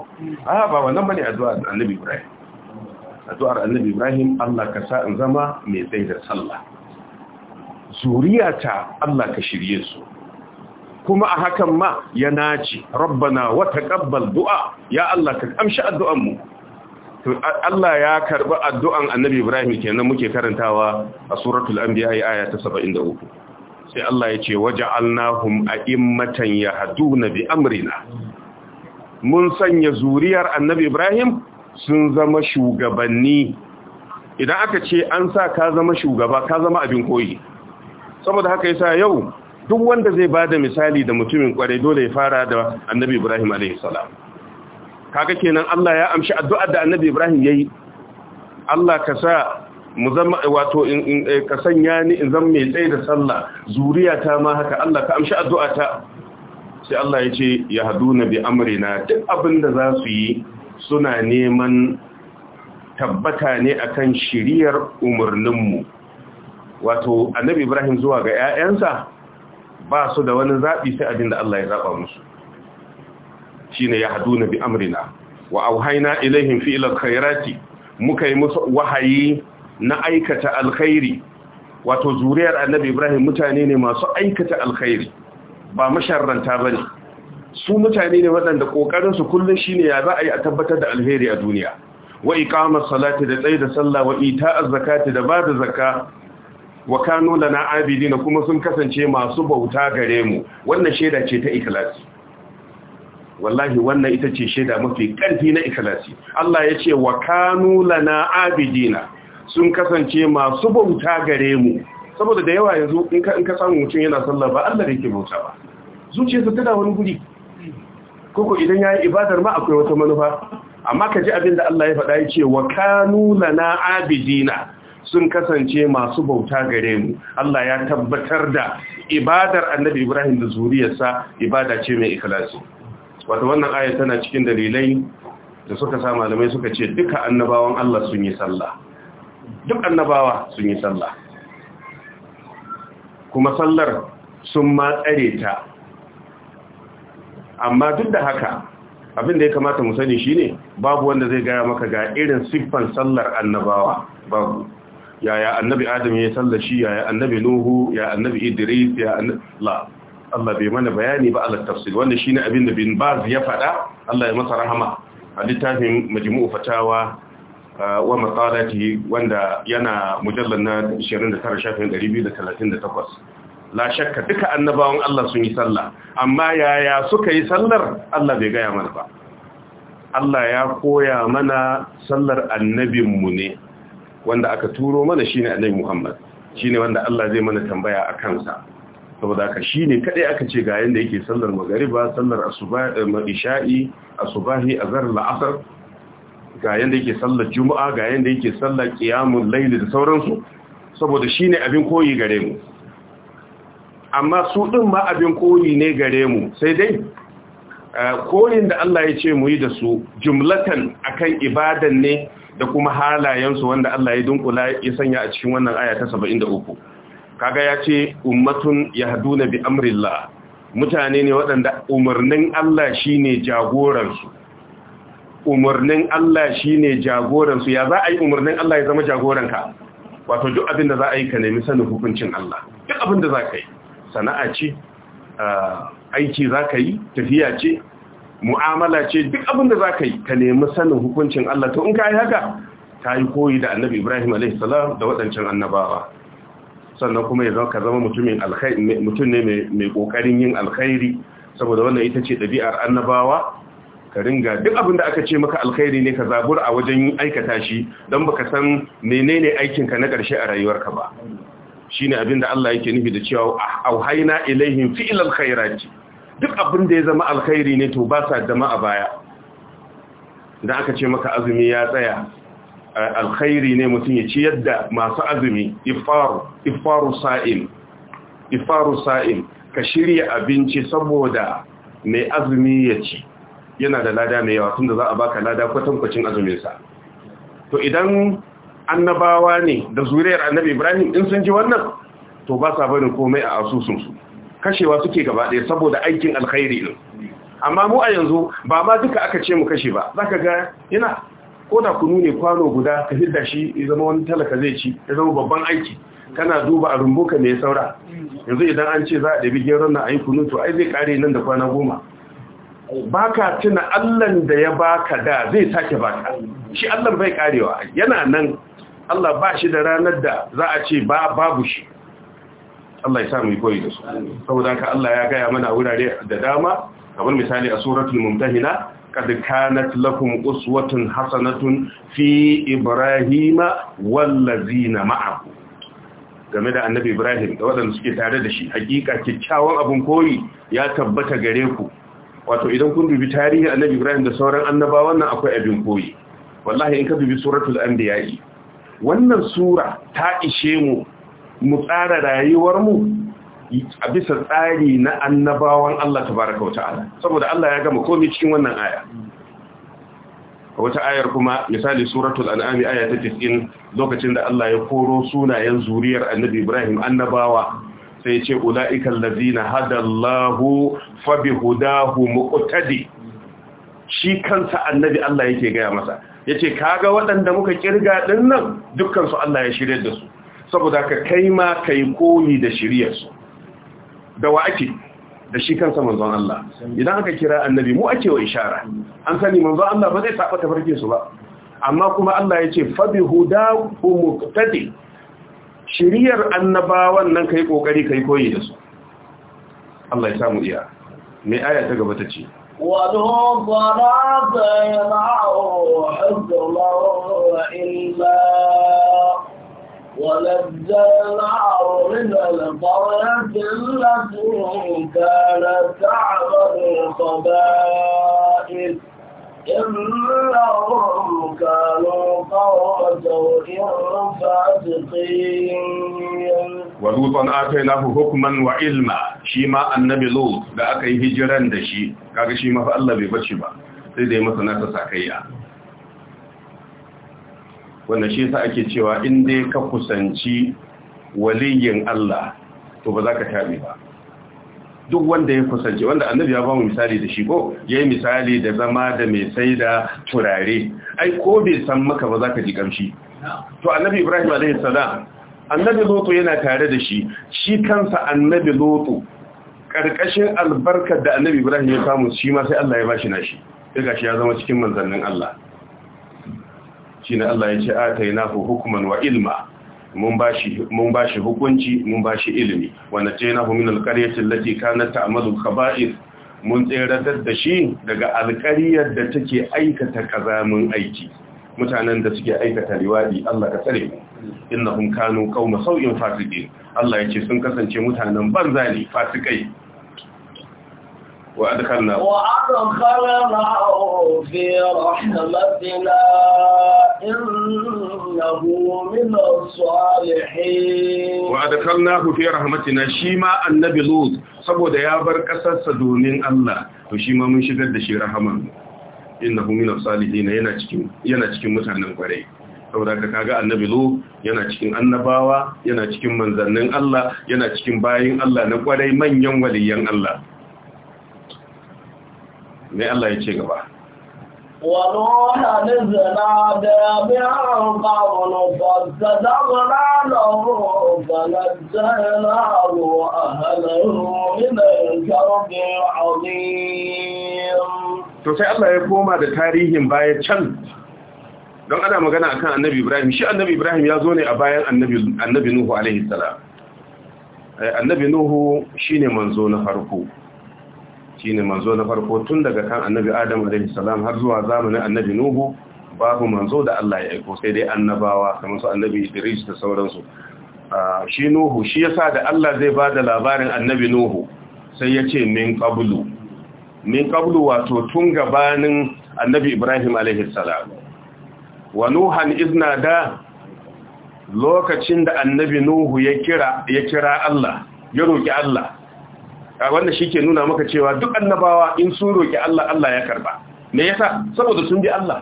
a ba wannan bane addu'ar annabi ibrahim addu'ar annabi Ibrahim Allah ka sa in zama mai tsaida sallah. sallah zuriyata Allah ka shirye su kuma a hakan ma ya naci rabbana wa taqabbal du'a ya Allah ka amshi addu'an mu to Allah ya karbi addu'an annabi Ibrahim kenan muke karantawa a suratul anbiya aya ta 73 sai Allah ya ce waja'alnahum a'immatan yahduna bi amrina mun sanya zuriyar annabi Ibrahim sun zama shugabanni idan aka ce an sa ka zama shugaba ka zama abin koyi saboda haka yasa yau duk wanda zai bada misali da mutumin kwarai dole ya fara da annabi Ibrahim alaihi salam kaga kenan Allah ya amshi addu'a da annabi Ibrahim yayi Allah ka sa mu zama wato in eh, ka sanya ni in zama mai tsaye da sallah zuriyata ma haka Allah ka amshi ta. sai Allah ya ce ya hadu bi amrina duk abinda da za su yi suna neman tabbata ne akan shiriyar umarninmu wato annabi ibrahim zuwa ga 'ya'yansa ba su da wani zaɓi sai abin da Allah ya zaɓa musu shi ne ya haɗu na bi amrina wa auhaina ilaihin fi'ilar khairati muka yi musu wahayi na aikata alkhairi wato zuriyar annabi ibrahim mutane ne masu aikata alkhairi ba masharranta ba ne su mutane ne waɗanda ƙoƙarin su kullum shine ya za a yi a tabbatar da alheri a duniya wa iqamas salati da tsayi da sallah wa ita'az zakati da bada zakka wa kanu lana abidina kuma sun kasance masu bauta gare mu wannan sheda ce ta ikilasi. wallahi wannan ita ce sheda mafi ƙarfi na ikilasi. Allah ya ce wa kanu lana abidina sun kasance masu bauta gare mu saboda da yawa yanzu in ka samu mutum yana sallah ba Allah yake bauta ba zuciyarsa tana wani guri koko idan yi ibadar ma akwai wata manufa amma ka ji abin da Allah ya faɗa ya ce wa kanu lana abidina sun kasance masu bauta gare mu Allah ya tabbatar da ibadar annabi Ibrahim da zuriyarsa ibada ce mai ikhlasi wato wannan aya tana cikin dalilai da suka sa malamai suka ce duka annabawan Allah sun yi sallah duk annabawa sun yi sallah kuma sallar sun ma tsare ta amma duk da haka abin da ya kamata mu sani shine babu wanda zai gaya maka ga irin siffan sallar annabawa babu yaya annabi adam ya sallar shi yaya annabi nuhu ya annabi idris ya la Allah bai mana bayani ba ala tafsir wannan shine abin da bin baz ya faɗa Allah ya masa rahama a littafin majmu'u fatawa wa maqalati wanda yana mujallal na 29 shafin 238 la shakka duka annabawan Allah sun yi sallah amma yaya suka yi sallar Allah bai gaya mana ba Allah ya koya mana sallar annabinmu ne wanda aka turo mana shine annabi Muhammad shine wanda Allah zai mana tambaya a kansa saboda haka shine kadai aka ce ga yanda yake sallar magariba sallar eh, isha'i asubahi azhar la'asar. ga yanda yake sallar juma'a ga yanda yake sallar qiyamul layl da sauransu saboda shine abin koyi gare mu amma su ɗin ma abin koyi ne gare mu sai dai eh, koyin da Allah ya ce mu yi da su jumlatan akan ibadan ne da kuma halayensu wanda Allah ya dunkula ya sanya a cikin wannan aya ta 73 kaga ya ce ummatun yahduna bi amrillah mutane ne waɗanda umarnin Allah shine jagoransu umarnin Allah shine jagoransu ya za a yi umarnin Allah ya zama jagoranka wato duk abin da za a yi ka nemi sanin hukuncin Allah duk abin da za ka yi sana'a ce aiki za ka yi tafiya ce mu'amala ce duk abin da za ka yi ka nemi sanin hukuncin Allah to in ka yi haka ta yi koyi da annabi Ibrahim a.s. da waɗancan annabawa sannan kuma ya ka zama mutum ne mai ƙoƙarin yin alkhairi saboda wannan ita ce ɗabi'ar annabawa ka ringa duk abin da aka ce maka alkhairi ne ka zabur a wajen aikata shi don baka san menene aikinka na ƙarshe a rayuwarka ba shine abinda Allah yake nufi da cewa auhaina ilaihim fi'l khairati duk abin da ya zama alkhairi ne to ba sa dama a baya da aka ce maka azumi ya tsaya alkhairi ne mutum ya ci yadda masu azumi ifaru ifaru sa'im ifaru sa'im ka shirya abinci saboda mai azumi ya ci yana da lada mai yawa tunda za a baka lada kwatankwacin sa to idan annabawa ne da zuriyar annabi ibrahim in sun ji wannan to ba sa barin komai a asusunsu kashewa suke gaba ɗaya saboda aikin alkhairi ɗin amma mu a yanzu ba ma duka aka ce mu kashe ba za ka ga yana ko da kunu ne kwano guda ka hidda shi ya zama wani talaka zai ci ya zama babban aiki kana duba a rumbuka mai saura yanzu idan an ce za a ɗabi geron na a yi kunu to ai zai kare nan da kwana goma ba ka tuna allan da ya baka da zai sake baka shi allan bai karewa yana nan Allah ba shi da ranar da za a ce ba babu shi Allah ya sa mu koyi da su saboda haka Allah ya gaya mana wurare da dama kamar misali a suratul mumtahina قد كانت لكم أسوة fi Ibrahima إبراهيم والذين معه game da annabi Ibrahim da waɗanda suke tare da shi hakika kyakkyawan abin koyi ya tabbata gare ku wato idan kun dubi tarihi annabi Ibrahim da sauran annabawan nan akwai abin koyi wallahi in ka dubi suratul anbiya wannan sura ta ishe mu mu tsara rayuwarmu a bisa tsari na annabawan Allah tabaraka wa ta'ala saboda Allah ya gama komai cikin wannan aya wata ayar kuma misali suratul an'ami aya ta 90 lokacin da Allah ya koro sunayen zuriyar annabi Ibrahim annabawa sai ya ce ulaiikal ladina hadallahu fabihudahu muqtadi shi kansa annabi Allah yake gaya masa ya ce kaga waɗanda muka kirga ɗin nan dukkansu Allah ya shirya da su saboda ka kai ma ka yi koyi da shiryarsu da wa ake da shi kansa manzon Allah idan aka kira annabi mu ake wa ishara an sani manzon Allah ba zai saba tafarkin su ba amma kuma Allah ya ce fa huda hudahu muqtadi shiriyar annabawan nan ka yi ƙoƙari ka yi koyi da su Allah ya samu iya mai aya ta gaba ta ce ولوطا نعطيناه حكما وإلا ونجيناه من القرية التي كانت تعبد القبائل إنهم كانوا قوم سوء فاسقين ولوطا آتيناه حكما وعلما شيما النبي لوط da aka yi hijiran da shi kaga shi ma fa Allah bai bace ba sai da ya masa nasa kaiya. wannan shi yasa ake cewa in dai ka kusanci waliyyin Allah to ba za ka tabe ba duk wanda ya kusance wanda annabi ya bamu misali da shi ko yayi misali da zama da mai saida turare ai ko bai san maka ba zaka ji kamshi to annabi Ibrahim alaihi salam annabi Lutu yana tare da shi shi kansa annabi Lutu karkashin albarka da annabi Ibrahim ya samu shi ma sai Allah ya bashi nashi sai gashi ya zama cikin manzannin Allah shine Allah ya ce atainahu hukman wa ilma mun ba shi hukunci mun ba shi ilimi wanda ce na huminal karyacin lati kanar ta'amadu kaba'ir mun tseratar da shi daga alkariyar da take aikata kazamin aiki mutanen da suke aikata riwadi Allah ka tsare mu innahum kanu qauma sau'in fasiqin Allah yace sun kasance mutanen banza ne fasikai وأدخلنا وأدخلناه في رحمتنا إنه من الصالحين وأدخلناه في رحمتنا النبي لوط saboda ya bar ƙasarsa domin Allah to shi ma mun shigar da shi rahama innahu min as-salihin yana cikin yana cikin mutanen kwarai saboda ka kaga annabi lu yana cikin annabawa yana cikin manzannin Allah yana cikin bayin Allah na kwarai manyan waliyan Allah mai Allah ya ce gaba ونوحا na to sai Allah ya koma da tarihin baya can don ana magana akan annabi Ibrahim shi annabi Ibrahim ya zo ne a bayan annabi Nuhu alaihi salam eh, annabi Nuhu shine manzo na farko shine manzo na farko tun daga kan annabi adam alaihi salam har zuwa zamanin annabi nuhu babu manzo da Allah ya aiko sai dai annabawa kamar su annabi idris da sauransu ah, shi nuhu shi yasa da Allah zai bada labarin annabi nuhu sai yace ce min qablu min qablu wato tun gabanin annabi ibrahim alaihi salam wa nuhan izna da lokacin da annabi nuhu ya kira ya kira Allah ya roki Allah wanda shi ke nuna maka cewa duk annabawa in sun roƙi Allah Allah ya karba me yasa saboda sun bi Allah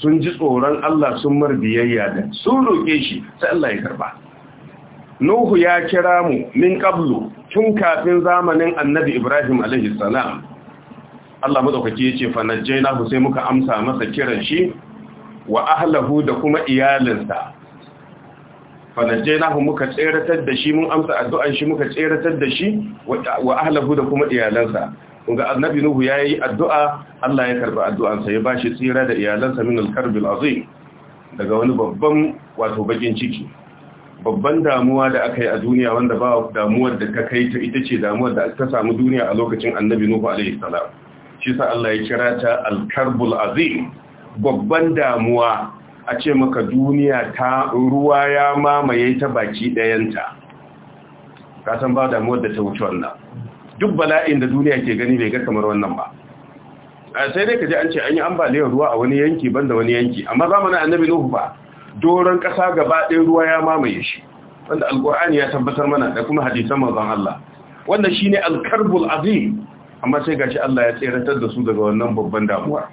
sun ji tsoron Allah sun mar biyayya da sun roƙe shi sai Allah ya karba Nuhu ya kira mu min qablu tun kafin zamanin Annabi Ibrahim alaihi salam Allah madaukake yace fa najjaynahu sai muka amsa masa kiran shi wa ahlahu da kuma iyalinsa fanajjainahu muka tseratar da shi mun amsa addu'an shi muka tseratar da shi wa ahlahu da kuma iyalansa kunga annabi nuhu yayi addu'a Allah ya karba addu'ansa ya bashi tsira da iyalansa min al-karb azim daga wani babban wato bakin ciki babban damuwa da aka yi a duniya wanda ba damuwar da ta kai ta ita ce damuwar da ta samu duniya a lokacin annabi nuhu alaihi salam shi sa Allah ya kira ta al-karbul azim babban damuwa a ce maka duniya ta ruwa ya mamaye ta baki ɗayanta kasan ba damuwar da ta wuce wannan duk bala'in da duniya ke gani bai ga kamar wannan ba sai dai ka ji an ce an yi ambaliyar ruwa a wani yanki ban da wani yanki amma zamanin annabi nuhu ba doron ƙasa gaba ɗaya ruwa ya mamaye shi wanda alƙur'ani ya tabbatar mana da kuma hadisan manzon Allah wannan shine alkarbul azim amma sai gashi Allah ya tseratar da su daga wannan babban damuwa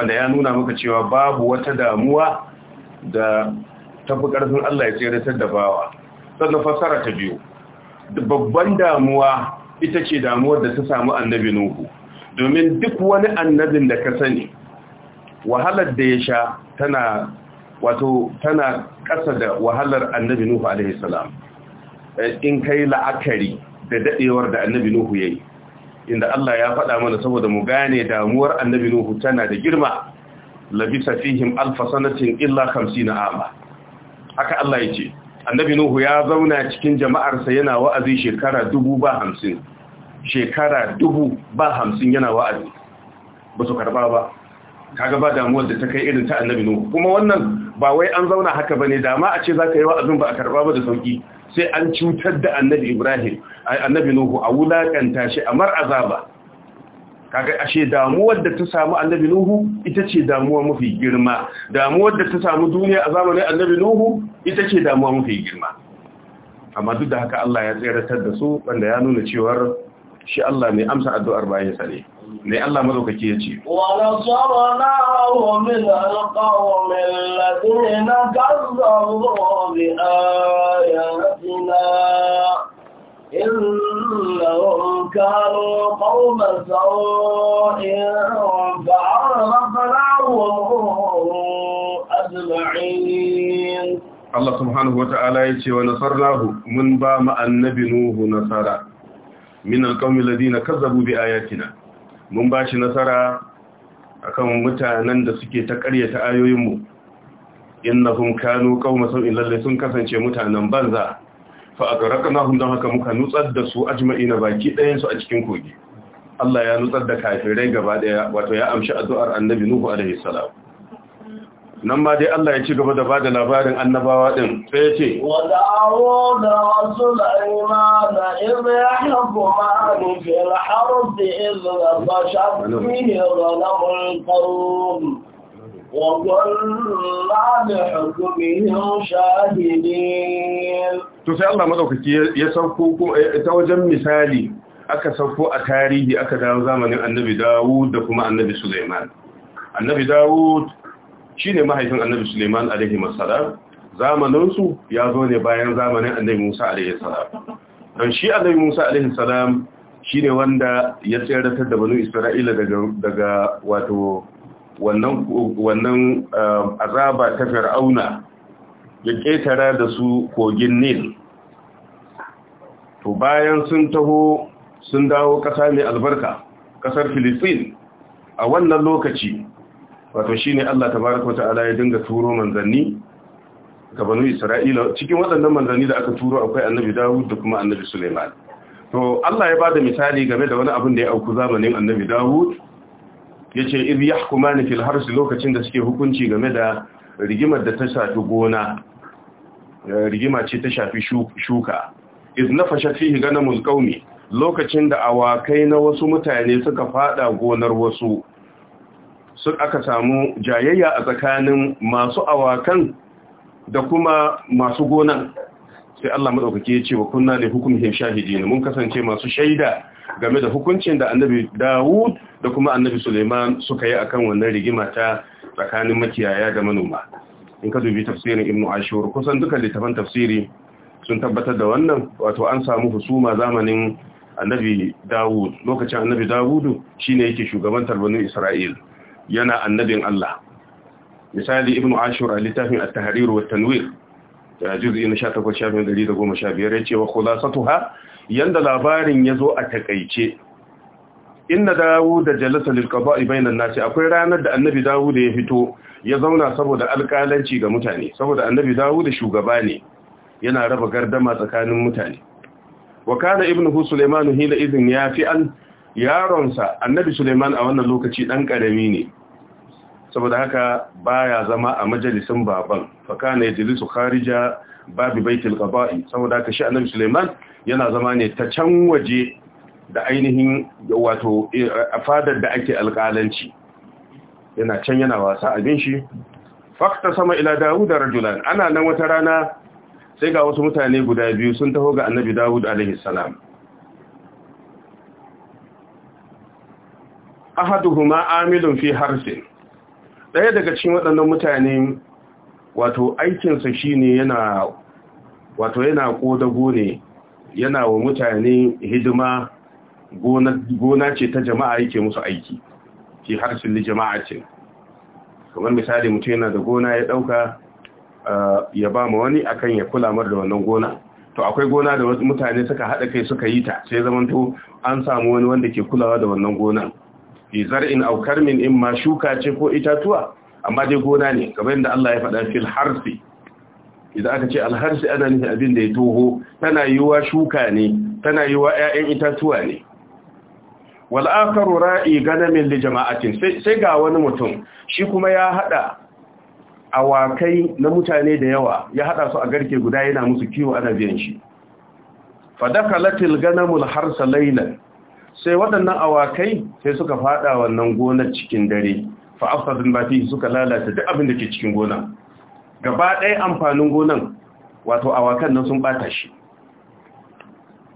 wanda ya nuna maka cewa babu wata damuwa da tafi ƙarfin Allah ya tseratar da bawa sannan fasara ta biyu babban damuwa ita ce damuwar da ta samu annabi nuhu domin duk wani annabin da ka sani wahalar da ya sha tana wato tana ƙasa da wahalar annabi nuhu alaihi eh, in kai la'akari da daɗewar da annabi nuhu ya yi. inda Allah ya faɗa mana saboda mu gane damuwar annabi Nuhu tana da girma labisa fihim alfa sanatin illa 50 ama haka Allah yake annabi Nuhu ya zauna cikin jama'arsa yana wa'azi shekara dubu ba hamsin shekara dubu ba hamsin yana wa'azi ba su karba ba kaga ba damuwar da ta kai irin ta annabi Nuhu kuma wannan ba wai an zauna haka bane dama a ce za ka yi wa'azin ba a karba ba da sauki sai an cutar da annabi ibrahim annabi nuhu a wulakanta shi a mar azaba kaga ashe damuwar da ta samu annabi nuhu ita ce damuwa mafi girma damuwar da ta samu duniya a zamanin annabi nuhu ita ce damuwa mafi girma amma duk da haka Allah ya tseratar da su banda ya nuna cewar shi Allah mai amsa addu'ar bayan sa ne ne Allah mazaukaki ya ce wa nasarnahu min alqawmi alladhina kazzabu bi ayatina innahum kanu qauman sawin fa'arqnahum ajma'in Allah subhanahu wa ta'ala ya ce wa nasarnahu mun ba ma annabi Nuhu nasara min alqawmi alladhina kazzabu bi ayatina mun bashi nasara akan mutanen da suke ta ƙaryata ayoyinmu innahum kanu qauma sau'in lalle sun kasance mutanen banza fa agraqnahum dan haka muka nutsar da su ajma'ina baki ɗayan su a cikin kogi Allah ya nutsar da kafirai gaba ɗaya wato ya amshi addu'ar Annabi Nuhu alaihi salam nan ma dai Allah ya ci gaba da bada labarin annabawa din sai ya ce wasu da'u da sulaiman idh yahbu ma'an to sai Allah madaukaki ya sauko eh, ta wajen misali aka sauko a tarihi aka dawo zamanin annabi Dawud da kuma annabi Sulaiman annabi Dawud shine mahaifin annabi Suleiman alaihi salam zamanin ya zo ne bayan zamanin annabi Musa alaihi salam dan shi annabi Musa alaihi salam ne wanda ya tsayar da banu Isra'ila daga wato wannan eh, azaba ta Fir'auna ya ƙetare da su kogin Nil to bayan sun taho sun dawo ƙasa mai albarka ƙasar Filistin a wannan lokaci wato shine Allah tabaraka ta'ala ya dinga turo manzanni ga banu Isra'ila cikin waɗannan manzanni da aka turo akwai Annabi Dawud da kuma Annabi Suleiman. to Allah ya bada misali game da wani abin da ya auku zamanin Annabi Dawud ya idh yahkumani fil hars lokacin da suke hukunci game da rigimar da ta shafi gona rigima ce ta shafi shuka idh nafashat fihi ganamul qaumi lokacin da awakai na wasu mutane suka fada gonar wasu sun aka samu jayayya a tsakanin masu awakan da kuma masu gonan sai Allah madaukake ya ce wa kunna li hukmihi shahidin mun kasance masu shaida game da hukuncin da annabi Dawud da kuma annabi Suleiman suka yi akan wannan rigima ta tsakanin makiyaya da manoma in ka dubi tafsirin Ibnu Ashur kusan duka littafan tafsiri sun tabbatar da wannan wato an samu husuma zamanin annabi Dawud lokacin annabi Dawud shine yake shugabantar banu Isra'il yana annabin Allah misali ibnu Ashura, littafin at-tahrir wa tanwir da juz'i na 18 shafin 115 yace wa khulasatuha yanda labarin yazo a takeice inna dawud da jalasa lil qada'i bainan nas akwai ranar da annabi dawud ya fito ya zauna saboda alƙalanci ga mutane saboda annabi dawud shugaba ne yana raba gardama tsakanin mutane wa kana ibnu sulaiman hila ya yafi an yaronsa annabi sulaiman a wannan lokaci dan karami ne saboda haka baya zama a majalisin baban fakana ya jilisu kharija babu baitul qaba'i saboda haka shi annabi Suleiman yana zama ne ta can waje da ainihin wato eh, fadar da ake alƙalanci yana can yana wasa abin shi fakta sama ila Dawud rajulan ana nan wata rana sai ga wasu mutane guda biyu sun taho ga annabi Dawud alaihi salam ahaduhuma amilun fi harsin ɗaya daga cikin waɗannan mutane wato aikinsa shine yana wato yana kodago ne yana wa mutane hidima gona ce ta jama'a yake musu aiki har harsin li jama'a ce kamar misali mutum yana da gona ya ɗauka ya ba ma wani akan ya kula mar da wannan gona to akwai gona da mutane suka haɗa kai suka yi ta sai zaman to an samu wani wanda ke kulawa da wannan gona. fi in aw karmin in ma shuka ce ko itatuwa amma dai gona ne kamar yadda Allah ya faɗa fil harsi idan aka ce alharsi ana nufin abin da ya toho tana yiwa shuka ne tana yiwa ƴaƴan itatuwa ne wal akharu ra'i ganamin li jama'atin sai ga wani mutum shi kuma ya hada awakai na mutane da yawa ya hada su a garke guda yana musu kiwo ana biyan shi fa dakalatil ganamul harsa laylan sai waɗannan awakai sai suka faɗa wannan gonar cikin dare fa afsadin ba fi suka lalata duk abin da ke cikin gona gaba ɗaya amfanin gonan wato awakan nan sun bata shi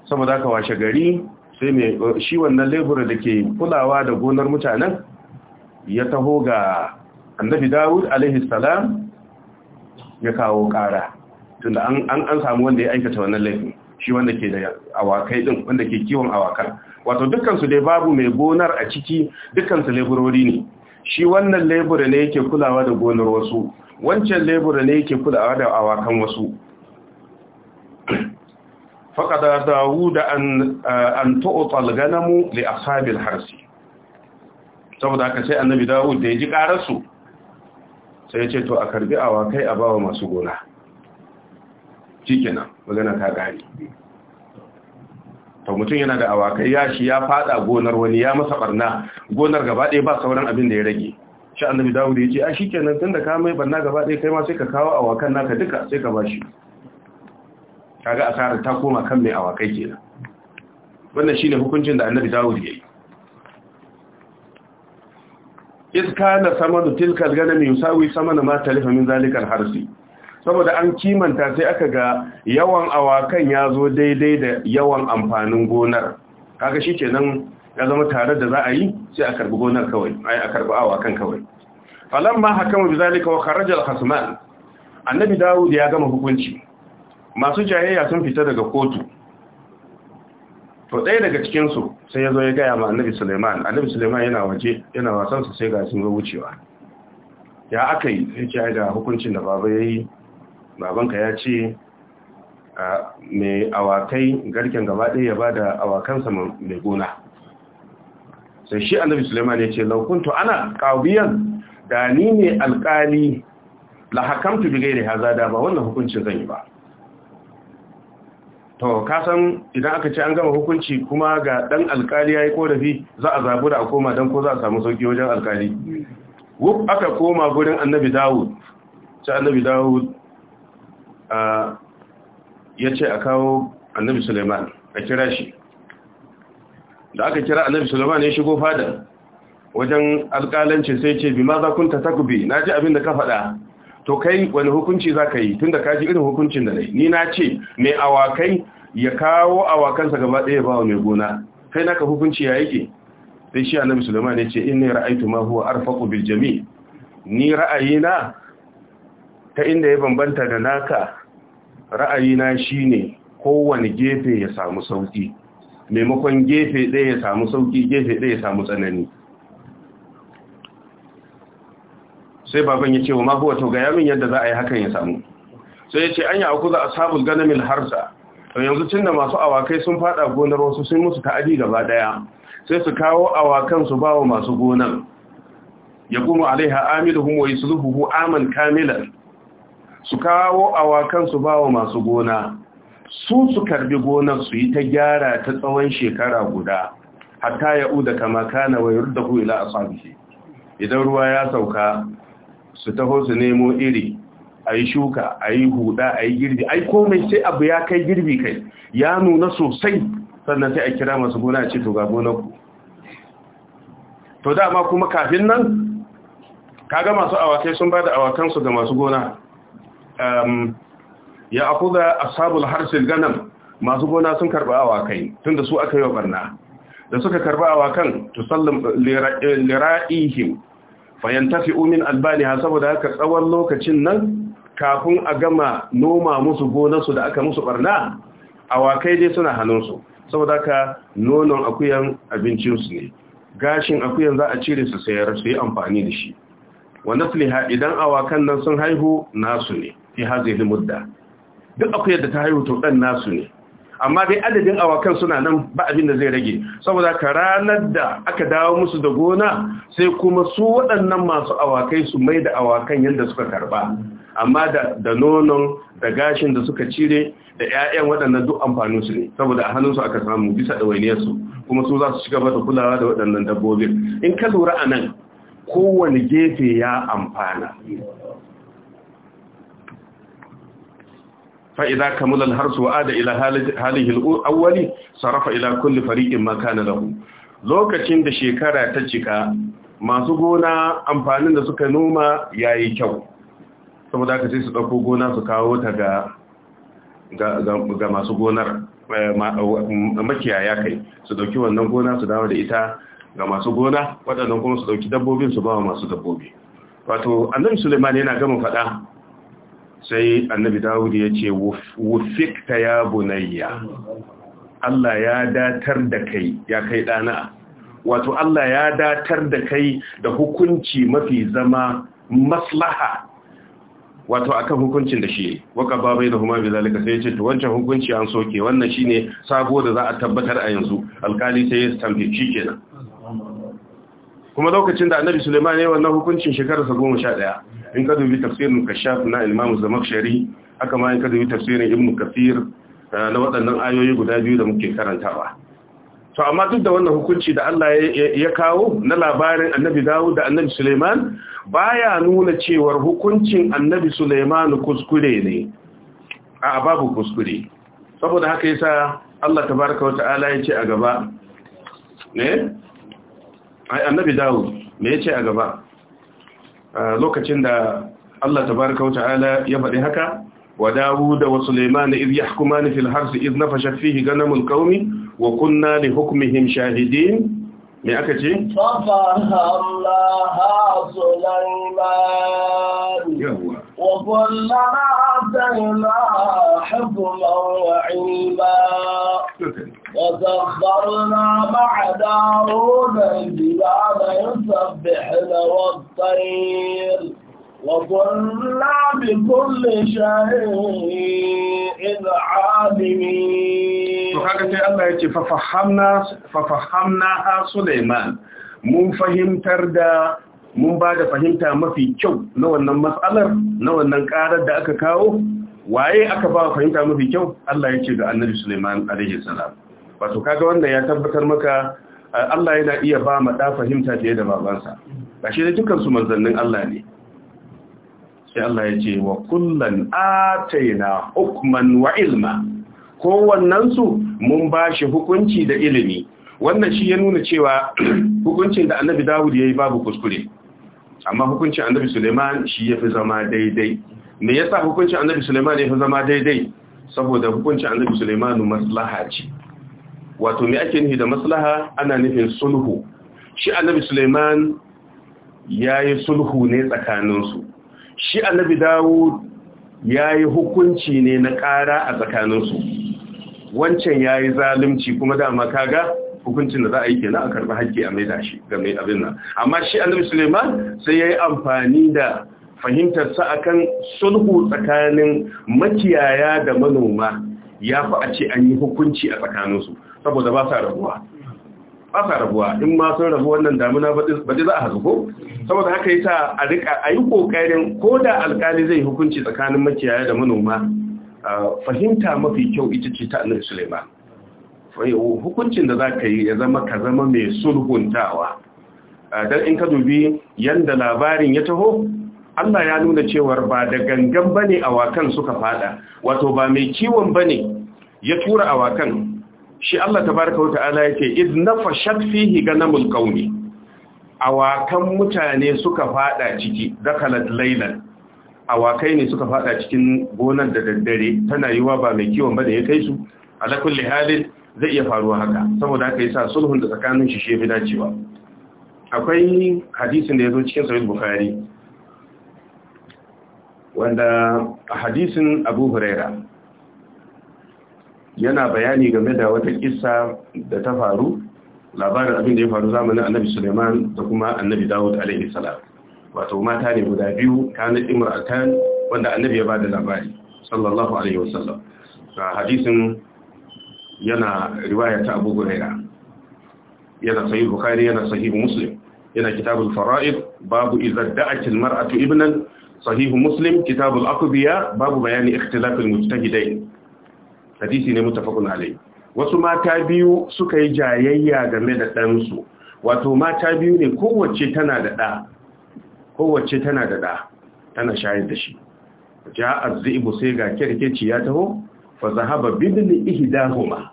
saboda ka washe gari sai mai shi wannan lebura da ke kulawa da gonar mutanen ya taho ga annabi Dawud alaihi salam ya kawo ƙara tunda an an samu wanda ya aikata wannan laifin shi wanda ke da awakai din wanda ke kiwon awakan wato dukansu dai babu mai gonar a ciki dukansu laborori ne shi wannan labura ne yake kulawa da gonar wasu wancan labura ne yake kulawa da awakan wasu [clears throat] faƙada dawuda an eh, tu'utal ganamu li ashabil harsi saboda aka sai annabi dawud da ya ji ƙararsu sai ya ce to a karbi awakai a bawa masu gona shi magana ta gari to mutum yana da awakai ya shi ya fada gonar wani ya masa barna gonar gaba ɗaya ba sauran abin da ya rage shi annabi dawud ya ce a shi kenan tun da ka mai barna gaba ɗaya kai ma sai ka kawo awakan naka duka sai ka bashi kaga asarar ta koma kan mai awakai kenan wannan shine hukuncin da annabi dawud ya yi Iska na samanu tilkal ganami yusawi samana ma talifa min zalikal harsi saboda an kimanta sai aka ga yawan awakan ya zo daidai da yawan amfanin gonar kaga shi kenan ya zama tare da za a yi sai a karbi gonar kawai ai a karbi awakan kawai falamma hakama bizalika wa kharaja al-khasman annabi dawud ya gama hukunci masu jayayya sun fita daga kotu to ɗaya daga cikin su sai ya zo ya gaya ma annabi suleiman annabi suleiman yana waje yana wasan sa sai ga sun zo wucewa ya aka yi sai ya ga hukuncin da baba yayi babanka ya ce mai awakai garken gaba ɗaya ya ba da awakansa mai gona sai shi annabi suleiman ya ce laukuntu ana ƙawiyan da ni ne alƙali la hakamtu bi gairi da ba wannan hukuncin zan yi ba to kasan idan aka ce an gama hukunci kuma ga dan alƙali yayi korafi za a zabu da a koma dan ko za a samu sauki wajen alƙali Wuk aka koma gurin annabi dawud ta annabi dawud ya ce a kawo annabi suleiman a kira shi da aka kira annabi suleiman ya shigo fada wajen alkalanci sai ce bi ma za kun ta takubi na ji abin da ka faɗa to kai wani hukunci za ka yi tun da ka irin hukuncin da nai ni na ce mai awakai ya kawo awakansa gaba ɗaya ba wa mai gona kai naka hukunci ya yake sai shi annabi suleiman ya ce in ne ra'aitu ma huwa arfaqu bil jami' ni ra'ayina ta inda ya bambanta da naka ra'ayina shine kowane gefe ya samu sauki maimakon gefe ɗaya ya samu sauki gefe ɗaya ya samu tsanani sai baban ya ce wa mafi wato ga yamin yadda za a yi hakan ya samu sai ya ce an yi akuza ashabul ganamil harsa to yanzu tunda masu awakai sun fada gonar wasu sun musu ta'adi gaba ɗaya. sai su kawo awakan su wa masu gonar ya kuma alaiha amiluhum wa yusluhu aman kamilan su kawo awakan su wa masu gona su su karbi gonar su yi ta gyara ta tsawon shekara guda hatta ya uda kama kana wa ku ila asabihi idan ruwa ya sauka su taho su nemo iri a yi shuka a yi huda a yi girbi ai komai sai abu ya kai girbi kai ya nuna sosai sannan sai a kira masu gona ce to ga gonarku to dama kuma kafin nan kaga masu awakai sun ba da awakansu ga masu gona Um, ya da ashabul harsil ganam masu gona sun karba awakai tunda su aka yi barna da suka karba awakan tusallim lira'ihim fayantafi'u min albaniha saboda haka tsawon lokacin nan kafin a gama noma musu gonarsu da aka musu barna awakai dai suna hannunsu saboda haka nonon akuyan abincinsu ne gashin akuyan za a cire su sayar su yi amfani da shi wa nasliha idan awakan nan sun haihu nasu ne fi hazihil mudda duk akwai yadda ta haihu to dan nasu ne amma dai adadin awakan suna nan ba abin da zai rage saboda ka ranar da aka dawo musu da gona sai kuma su waɗannan masu awakai su mai da awakan yadda suka karba amma da nonon da gashin da suka cire da 'ya'yan waɗannan duk amfanin su ne saboda a hannunsu aka samu bisa da ɗawainiyarsu kuma su za su ci gaba da kulawa da waɗannan dabbobin in ka lura a nan kowane gefe ya amfana فإذا كمل الحرس وعاد إلى حاله الأول صرف إلى كل فريق ما كان له lokacin da shekara ta cika masu gona amfanin da suka noma yayi kyau saboda haka sai su dauko gona su kawo ta ga ga masu gonar makiyaya kai su dauki wannan gona su dawo da ita ga masu gona waɗannan kuma su dauki dabbobin su ba masu dabbobi wato annabi Suleiman yana gama faɗa sai annabi dawud ya ce Wufik wufikta ya bunayya Allah ya datar da kai ya kai dana wato Allah ya datar da kai da hukunci mafi zama maslaha wato akan hukuncin da shi waka ba bai da huma bi zalika sai ya to wancan hukunci an soke wannan shine sabo da za a tabbatar a yanzu alkali sai ya tambaye shi kenan kuma lokacin da annabi Suleiman ya wannan hukuncin shekararsa goma sha ɗaya in ka dubi tafsirin kashaf na imam shari haka ma in ka dubi tafsirin ibn kafir eh, na waɗannan ayoyi guda biyu da muke karantawa to amma duk da wannan hukunci da Allah ya kawo na labarin annabi dawu da annabi Suleiman baya nuna cewar hukuncin annabi Suleiman kuskure ne a babu kuskure saboda haka yasa Allah tabaraka ta'ala ya ce a gaba ne annabi dawud me yace a gaba lokacin da Allah tabaaraka ta'ala ya faɗi haka wa dawud wa sulaiman iz yahkuman fil harz iz nafashat fihi ganamul qaumi wa kunna li hukmihim shahidin me aka ce Allah وكلما آتينا حكما وسخرنا بعد عرون الجبال يسبح له الطير وكنا بكل شيء عالمين الله يتي ففهمنا ففهمنا سليمان من فهمتر دا من بعد فهمت ما في كيو نو ان مسألة نو ان قارة دا اكا كاو وايه اكا فهمت في كيو الله يتي ان سليمان عليه السلام wato kaga wanda ya tabbatar maka Allah yana iya ba ma da fahimta fiye da babansa gashi da dukkan su manzannin Allah ne sai Allah ya ce wa kullan ataina hukman wa ilma wannan su mun bashi hukunci da ilimi wannan shi ya nuna cewa [clears throat] hukuncin da Annabi Dawud yayi babu kuskure amma hukuncin Annabi Suleiman shi yafi zama daidai me yasa hukuncin Annabi Suleiman yafi zama daidai saboda hukuncin Annabi Suleiman maslaha ce wato me ake nufi da maslaha ana nufin sulhu shi annabi Suleiman yayi sulhu ne tsakaninsu shi annabi Dawud yayi hukunci ne na ƙara a tsakaninsu wancan yayi zalunci kuma dama kaga hukuncin da za a yi kenan a karɓi haƙƙi a maida shi ga mai abin nan amma shi annabi Suleiman sai yayi amfani da fahimtar fahimtarsa akan sulhu tsakanin makiyaya da manoma ya fi a ce an yi hukunci a tsakaninsu saboda ba sa rabuwa ba sa rabuwa in ma sun rabu wannan damuna ba za a hazu ko saboda haka yi ta a rika a yi kokarin ko da alkali zai hukunci tsakanin makiyaya da manoma fahimta mafi kyau ita ce ta annabi suleiman hukuncin da za ka yi ya zama ka zama mai sulhuntawa don in ka dubi yadda labarin ya taho Allah ya nuna cewar ba da gangan bane awakan suka fada wato ba mai kiwon bane ya tura awakan shi Allah tabaraka wa ta'ala yake id nafashat fihi ganamul qawmi awakan mutane suka fada ciki dakalat laylan awakai ne suka fada cikin gonar da daddare tana yiwa ba mai kiwon ba da ya kai su ala kulli halin zai iya faruwa haka saboda haka yasa sulhun da tsakanin shi shefi dacewa akwai hadisin da ya zo cikin sahih bukhari wanda a hadisin abu huraira yana bayani game da wata kissa da ta faru labarin abin da ya faru zamanin annabi suleiman da kuma annabi dawud alaihi salam wato mata ne guda biyu kana imra'atan wanda annabi ya bada labari sallallahu alaihi wasallam hadisin yana riwaya ta abu huraira yana sahih bukhari yana sahih muslim yana kitabul fara'id babu idza da'at al mar'atu ibnan sahih muslim kitabul aqdiya babu bayani ikhtilaf al mujtahidain hadisi ne mutafakun alai wasu mata biyu suka yi jayayya game da ɗansu wato mata biyu ne kowace tana da ɗa kowace tana da ɗa tana shayar da shi ja azzibu sai ga kirkici ya taho fa zahaba bibli ihdahuma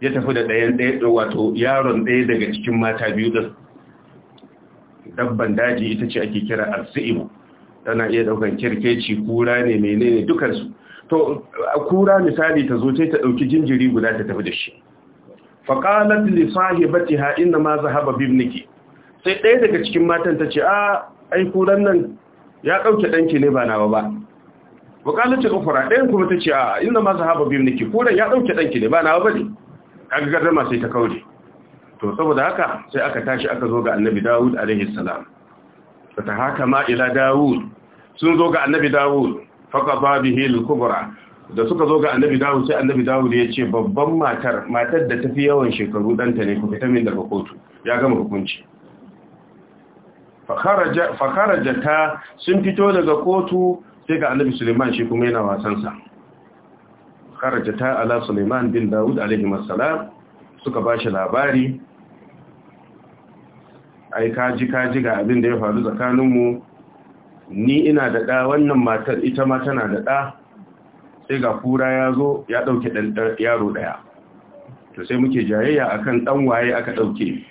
ya tafi da ɗayan ɗaya wato yaron ɗaya daga cikin mata biyu din dabban daji ita ce ake kira azzibu tana iya daukan kirkeci kura ne menene dukansu to kura misali ta zo ta dauki jinjiri guda ta tafi da shi faqalat li sahibatiha inna ma zahaba bibniki sai ɗaya daga cikin matan ta ce a ai kuran nan ya dauke danki ne ba nawa ba wakalacin ufura ɗayan kuma ta ce a inna ma zahaba bibniki Kuran ya ɗauke ɗanki ne ba na ba ne kagagar ma sai ta kaure to saboda haka sai aka tashi aka zo ga annabi dawud alaihi salam ta haka ma ila dawud sun zo ga annabi dawud faqada bihi al-kubra da suka zo ga annabi dawud sai annabi dawud ya ce babban matar matar da tafi yawan shekaru danta ne ku fita min daga kotu ya gama hukunci kharaja ta sun fito daga kotu sai ga annabi suleiman shi kuma yana wasan sa. kharaja ta ala suleiman bin dawud alaihi masalam suka ba shi labari ai kaji kaji ga abin da ya faru tsakanin mu ni ina da ɗa wannan matar ita ma tana da ɗa sai ga kura ya zo ya ɗauke yaro ɗaya to sai muke jayayya akan ɗan waye aka ɗauke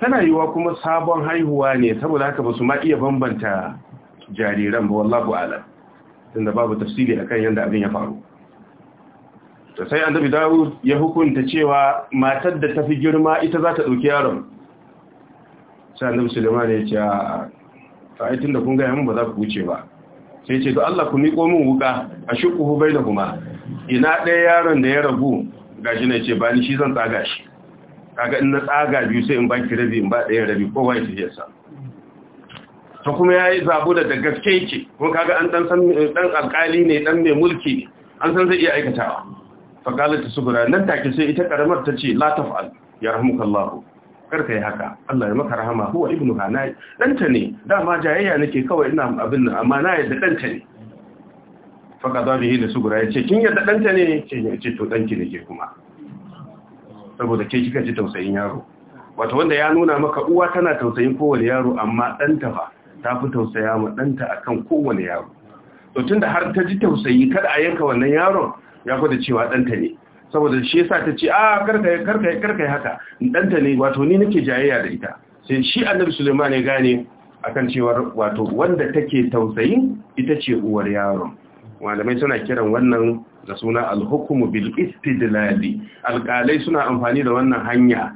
tana wa kuma sabon haihuwa ne saboda haka ba su ma iya bambanta jariran ba wallahu alam tunda babu tafsiri akan yadda abin ya faru to sai annabi dawo ya hukunta cewa matar da ta fi girma ita za ta ɗauki yaron sai annabi Sulaiman ya ce ta ai tunda kun gaya yamin ba za ku wuce ba sai ce to Allah ku miƙo min wuka a shukuhu kuma. ina ɗaya yaron da ya ragu shi ne ce ba ni shi zan tsaga shi kaga in na tsaga biyu sai in baki rabi in ba ɗaya rabi kowa ya shi yasa. ta kuma ya yi da da gaske yake ko kaga an dan san dan alkali ne dan mai mulki an san zai iya aikatawa fa qalat subra nan take sai ita karamar ta ce la taf'al yarhamukallahu karka yi haka Allah ya maka rahama huwa ibnu hanai danta ne dama jayayya nake kawai ina abin nan amma na yadda danta ne faka za bihi da sugura yace kin yadda danta ne ce to danki ne ke kuma saboda ke kika ji tausayin yaro wato wanda ya nuna maka uwa tana tausayin kowane yaro amma danta fa ta fi tausaya ma danta akan kowane yaro to tunda har ta ji tausayi kada a yanka wannan yaron ya gwada cewa danta ne saboda shi yasa ta ce a ah, karkai karkai karkai haka danta ne wato ni nake jayayya da ita sai shi annabi Sulaiman ya gane akan cewa wato wanda take tausayin ita ce uwar yaron malamai suna kiran wannan da suna al-hukmu bil istidlali alqalai suna amfani da wannan hanya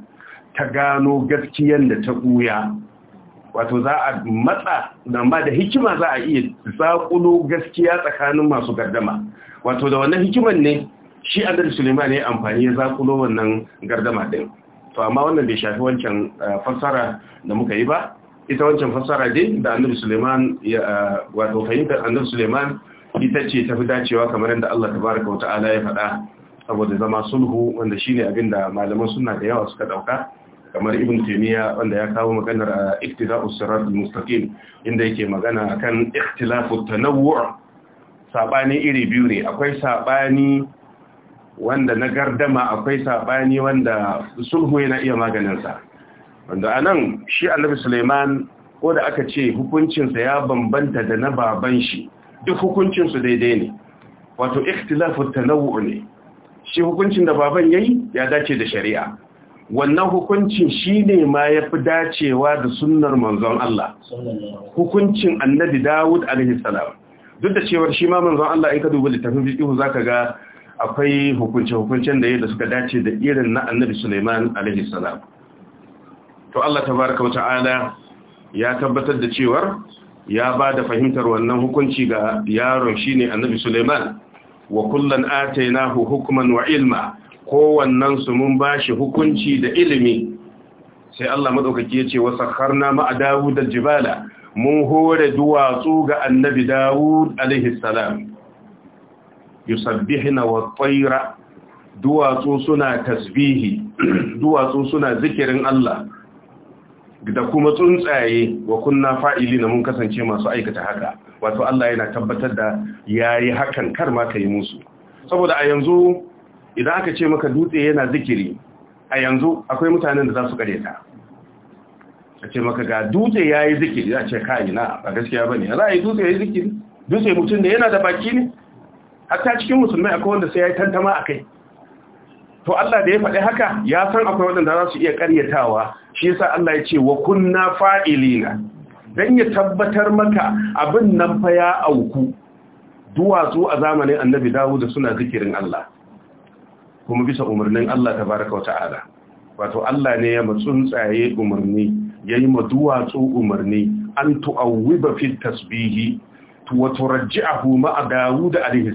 ta gano gaskiyan da ta buya wato za a matsa dan ba da hikima za a iya zakulo gaskiya tsakanin masu gardama wato da wannan hikiman ne shi annabi Suleiman ne amfani ya zakulo wannan gardama ɗin, to amma wannan bai shafi wancan eh, fassara da muka yi ba ita wancan fassara dai da annabi Suleiman ya eh, wato fahimtar annabi Suleiman ita ce tafi dacewa kamar yadda Allah tabaraka wata'ala ya faɗa saboda zama sulhu wanda shine abin da malaman suna da yawa suka ɗauka, kamar ibn taymiya wanda ya kawo maganar eh, a sirat al-mustaqim inda yake magana akan ikhtilafu tanawwu' sabani iri biyu ne akwai saɓani. wanda na gardama akwai saɓani wanda sulhu yana iya maganinsa wanda a nan shi annabi suleiman ko da aka ce hukuncinsa ya bambanta da na baban shi duk hukuncinsu daidai ne wato ikhtilafu tanawwu ne shi hukuncin da baban yayi ya dace da shari'a wannan hukuncin shine ma yafi dacewa da sunnar manzon Allah hukuncin annabi Dawud alaihi salam duk da cewa shi ma manzon Allah in ka dubi littafin zaka ga akwai hukunce-hukuncen da ya da suka dace da irin na annabi Suleiman alaihi to Allah tabaraka wa ta'ala ya tabbatar da cewar ya ba da fahimtar wannan hukunci ga yaron shine annabi Suleiman wa kullan atainahu hukman wa ilma kowannan su mun bashi hukunci da ilimi sai Allah ya ce wa sakharna ma dawu da jibala mun hore duwatsu ga annabi Dawud alaihi yusabbihna wa tayra duwatsu suna tasbihi [clears throat] duwatsu suna zikirin Allah da kuma tsuntsaye wa kunna fa'ili na mun kasance masu aikata haka wato Allah yana tabbatar da yayi hakan kar ma kai musu saboda a yanzu idan aka ce maka dutse yana zikiri a yanzu akwai mutanen da za su kare ta a ce maka ga dutse yayi zikiri a ce kai na ba gaskiya bane yi dutse yayi zikiri dutse mutum da yana da baki ne hatta cikin musulmai akwai wanda sai ya yi tantama a kai to Allah da ya faɗi haka ya san akwai waɗanda za su iya ƙaryatawa shi yasa Allah ya ce wa kunna fa'ilina dan ya tabbatar maka abin nan fa ya auku duwatsu a zamanin annabi Dawud suna zikirin Allah kuma bisa umarnin Allah tabaraka wa ta'ala wato Allah ne ya matsuntsaye umarni yayi ma duwatsu umarni an tu'awwiba fi tasbihi wa turji'ahu a Dawud alaihi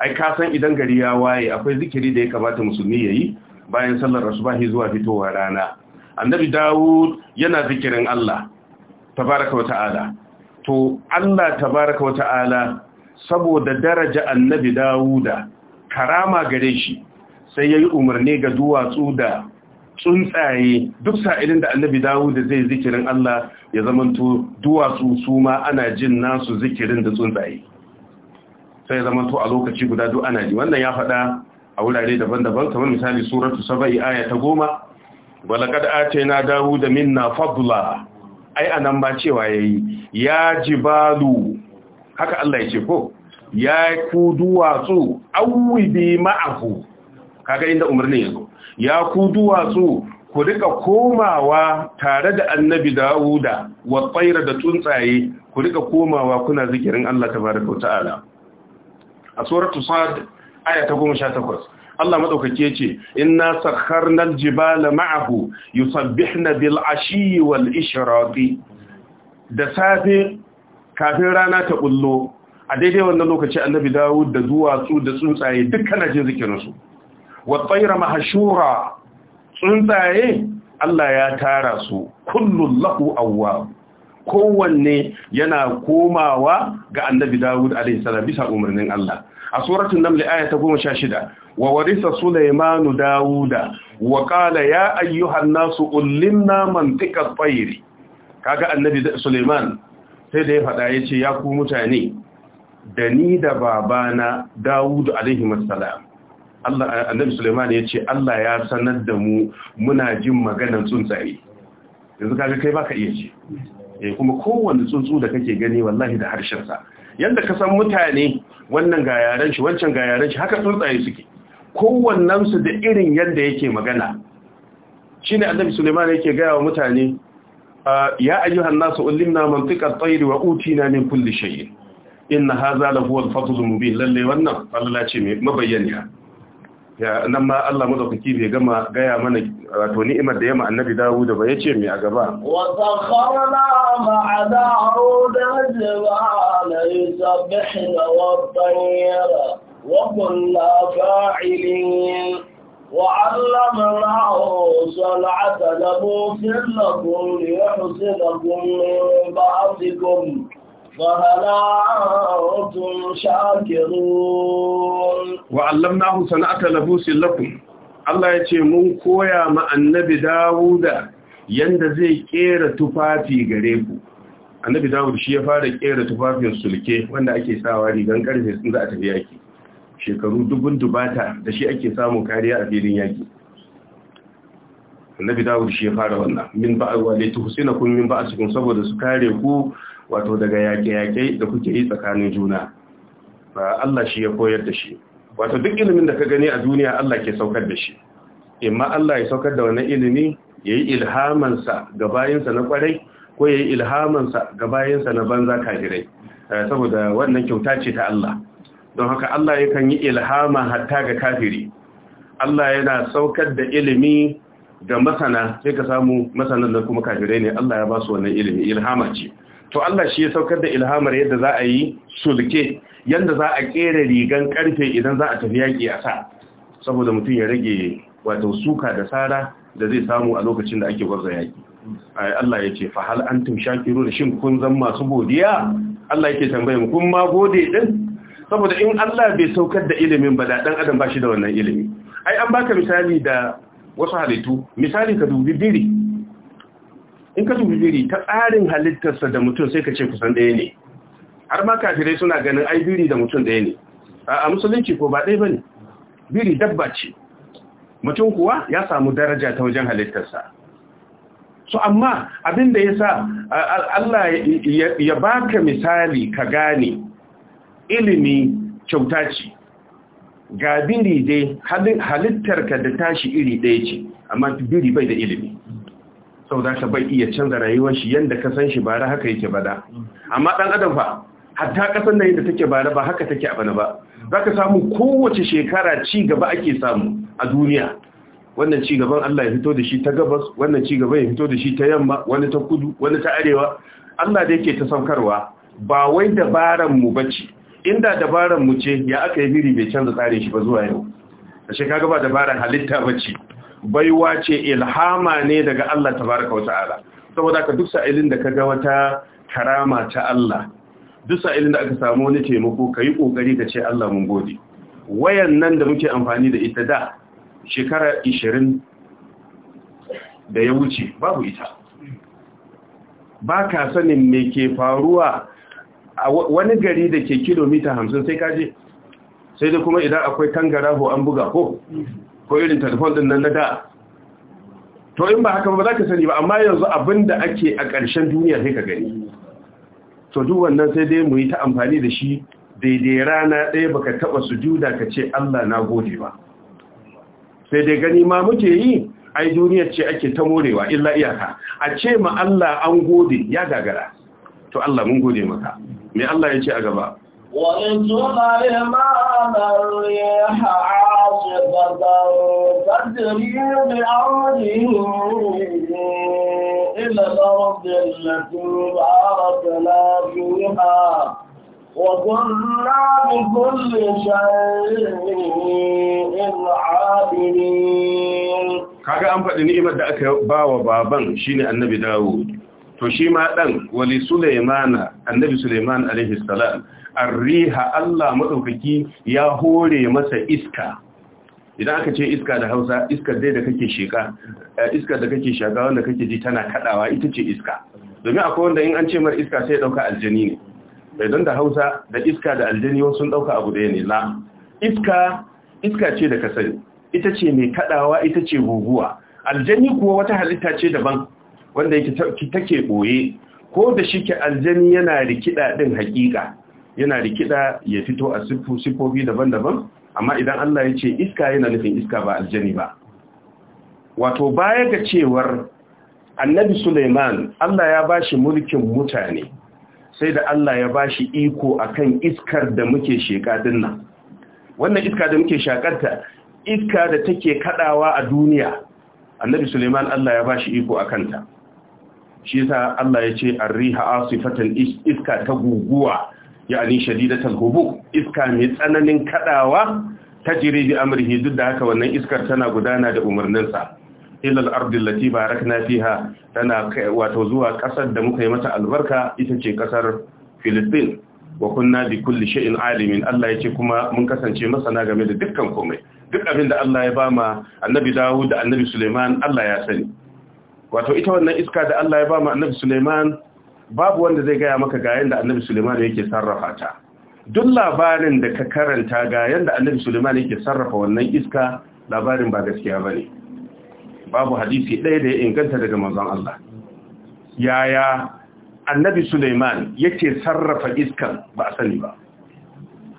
ai ka san idan gari ya waye akwai zikiri da ya kamata musulmi yayi bayan sallar asubahi zuwa fitowa rana annabi Dawud yana zikirin Allah tabaraka wa ta'ala to Allah tabaraka wa ta'ala saboda daraja annabi Dawuda karama gare shi sai yayi umarni ga duwatsu da tsuntsaye duk sa'ilin da annabi dawud zai zikirin Allah ya zamanto duwatsu su ma ana jin nasu zikirin da tsuntsaye sai ya zamanto a lokaci guda duk ana ji wannan ya faɗa a wurare daban-daban kamar misali suratu saba'i aya ta goma na dawo da minna fadla ai a nan ba cewa ya yi. ya ji balu, haka Allah ya ce ko ya ku duwatsu auwi bi ma'ahu kaga inda umarnin zo. ya ku duwatsu ku rika komawa tare da annabi dawuda wa tsaira da tsuntsaye ku rika komawa kuna zikirin Allah tabaraka wa ta'ala a suratu sad aya ta 18 Allah madaukake ce inna sakharnal jibala ma'ahu yusabbihna bil ashi wal ishraqi da safe kafin rana ta bullo a daidai wannan lokaci annabi Dawud da duwatsu da tsuntsaye dukkan ajin zikirin su wa tsaira mahashura tsuntsaye Allah ya tara su kullun lahu awwa kowanne yana komawa ga annabi Dawud alayhi salam bisa umarnin Allah a suratul naml ayata ta 16 wa warisa sulaymanu dawuda wa qala ya ayyuhan nasu ullimna mantiqat tayri kaga annabi Sulaiman sai da ya faɗa yace ya ku mutane da ni da babana Dawud alayhi salam annabi Sulaiman ya ce Allah ya sanar da mu muna jin maganar tsuntsaye yanzu kaga kai baka iya ce eh kuma kowanne tsuntsu da kake gani wallahi da harshen sa yanda ka san mutane wannan ga yaran shi wancan ga yaran shi haka tsuntsaye suke kowannen da irin yadda yake magana shine annabi Sulaiman yake ga wa mutane ya ayyuhan nasu ulimna mantiqat tayr wa utina min kulli shay'in inna hadha lahu al-fadlu mubin lalle wannan Allah ce mai mabayyana nan ma Allah mazaukaki bai gama gaya mana wato ni'imar da yamma annabi Dawud ba yace mai a gaba wa sakharna ma'a da'ud al-jibala yusabbihna wat-tayra wa kunna fa'ilin وعلمناه صنعة لبوس لكم ليحسنكم من فهل أنتم شاكرون وعلمناه صنعة لبوس لكم Allah ya ce mun koya ma annabi Dawuda yanda zai kera tufafi gare ku annabi Dawud shi ya fara kera tufafin sulke wanda ake sawa rigan karfe sun za a tafi yaki shekaru dubun dubata da shi ake samun kariya a filin yaki annabi Dawud shi ya fara wannan min ba'a wa la tuhsinakum min cikin saboda su kare ku wato daga yaƙe-yaƙe da kuke yi tsakanin juna Allah shi ya koyar da shi wato duk ilimin da ka gani a duniya Allah ke saukar da shi imma Allah ya saukar da wannan ilimi ya yi ilhamansa ga bayansa na kwarai ko ya yi ilhamansa ga bayansa na banza kafirai eh, saboda wannan kyauta ce ta Allah don haka Allah yakan yi ilhama hatta ga kafiri Allah yana saukar da ilimi ga masana sai ka samu masanan da kuma kafirai ne Allah ya ba su wannan ilimi ilhama ce to Allah shi ya saukar da ilhamar yadda za a yi sulke yadda za a kera rigan karfe idan za a tafi yaƙi a sa saboda mutum ya rage wato suka da sara da zai samu a lokacin da ake gwarza yaƙi Allah ya ce fahal antum shakiru shin kun zan masu godiya Allah yake tambaye mu kun ma gode din saboda in Allah bai saukar da ilimin ba da dan adam ba shi da wannan ilimi ai an baka misali da wasu halittu misali ka dubi biri in ka dubi biri ta tsarin halittarsa da mutum sai ka ce kusan ɗaya ne har ma kafirai suna ganin ai biri da mutum ɗaya ne a musulunci ko ba ɗaya ba ne biri dabba ce mutum kuwa ya samu daraja ta wajen halittarsa Su amma abin da ya sa Allah ya baka misali ka gane ilimi kyauta ce ga biri dai halittarka da tashi iri ɗaya ce amma biri bai da ilimi za ka bai iya canza rayuwar shi yadda ka san shi ba bara haka yake bada amma ɗan adam fa hatta kasan nan da take bara ba haka take a bana ba ka samu kowace shekara ci gaba ake samu a duniya wannan ci gaban Allah ya fito da shi ta gabas wannan ci gaban ya fito da shi ta yamma wani ta kudu wani ta arewa Allah da yake ta saukarwa ba wai dabaran mu bace inda dabaran mu ce ya aka yi biri bai canza tsarin shi ba zuwa yau ashe kaga ba dabaran halitta bace baiwa ce ilhama ne daga Allah Ta wata wata'ala saboda ka duk sa'ilin da kaga wata karama ta Allah duk sa'ilin da aka samu wani taimako kayi kokari da ce Allah mun gode wayan nan da muke amfani da ita da shekara 20 da ya wuce babu ita ba ka sanin me ke faruwa a wani gari da ke kilomita hamsin sai kaje sai da kuma idan akwai kangaraho an buga ko ko irin telefon din nan na da to in ba haka ba za ka sani ba amma yanzu abin da ake a ƙarshen duniya sai ka gani to duk wannan sai dai mu yi ta amfani da shi daidai rana ɗaya baka taɓa su sujuda ka ce Allah na gode ba sai dai gani ma muke yi ai duniyar ce ake ta morewa illa iyaka a ce ma Allah an gode ya gagara to Allah mun gode maka me Allah ya ce a gaba وإذن الإمام الريح عاصفة تجري إلى الأرض التي باركنا فيها وكنا بكل شيء عابدين kaga an faɗi ni'imar da aka ba wa baban shine annabi Dawud to shi ma dan wali Sulaimana annabi Sulaiman alaihi salam arriha Allah madaukaki ya hore masa iska idan aka ce iska da Hausa iskar dai da kake sheka eh, iskar da kake shaga wanda kake ji tana kadawa ita ce iska domin akwai wanda in an ce mar iska sai dauka aljani ne bai don da Hausa da iska da aljani sun dauka abu daya ne la iska iska ce da kasari ita ce mai kadawa ita ce guguwa aljani kuwa wata halitta ce daban wanda yake take boye ko da shike aljani yana rikida din hakika yana rikida ya fito a siffofi daban-daban amma idan Allah ya ce iska yana nufin iska ba aljani ba wato baya ga cewar annabi Suleiman Allah ya bashi mulkin mutane sai da Allah ya bashi iko akan iskar da muke sheka dinna. wannan iska da muke shakarta iska da take kadawa a duniya annabi Suleiman Allah ya bashi iko akan ta shi yasa Allah ya ce arriha asifatan iska ta guguwa yani shadidatul hubu iska mai tsananin kadawa tajri bi amrihi duk da haka wannan iskar tana gudana da umarninsa ilal ardi allati barakna fiha tana wato zuwa kasar da muka yi mata albarka ita ce kasar Filistin wa kunna bi kulli shay'in alimin Allah yace kuma mun kasance masana game da dukkan komai duk abin da Allah ya bama annabi Dawud da annabi Suleiman Allah ya sani wato ita wannan iska da Allah ya bama annabi Suleiman babu wanda zai gaya maka ga yanda annabi Suleiman yake sarrafa ta duk labarin da ka karanta ga yanda annabi Suleiman yake sarrafa wannan iska labarin ba gaskiya bane babu hadisi ɗaya da ya inganta daga manzon Allah yaya annabi Suleiman yake sarrafa iskan ba a sani ba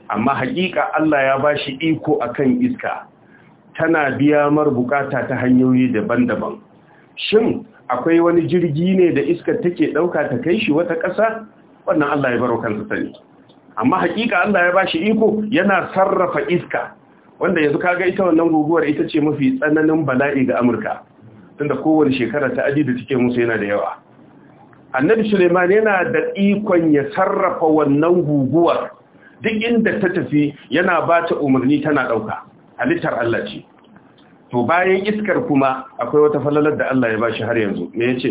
amma hakika Allah ya ba shi iko akan iska tana biya mar bukata ta hanyoyi daban-daban shin akwai wani jirgi ne da iskar take ɗauka ta kai shi wata ƙasa wannan Allah ya baro kansa sani amma hakika Allah ya bashi iko yana sarrafa iska wanda yanzu kaga ita wannan guguwar ita ce mafi tsananin bala'i ga Amurka tunda kowace shekara ta aji da take musu yana da yawa Annabi Suleiman yana da ikon ya sarrafa wannan guguwar duk inda ta tafi yana ba ta umarni tana ɗauka halittar Allah ce To bayan iskar kuma akwai wata falalar da Allah ya ba shi har yanzu, me yace ce?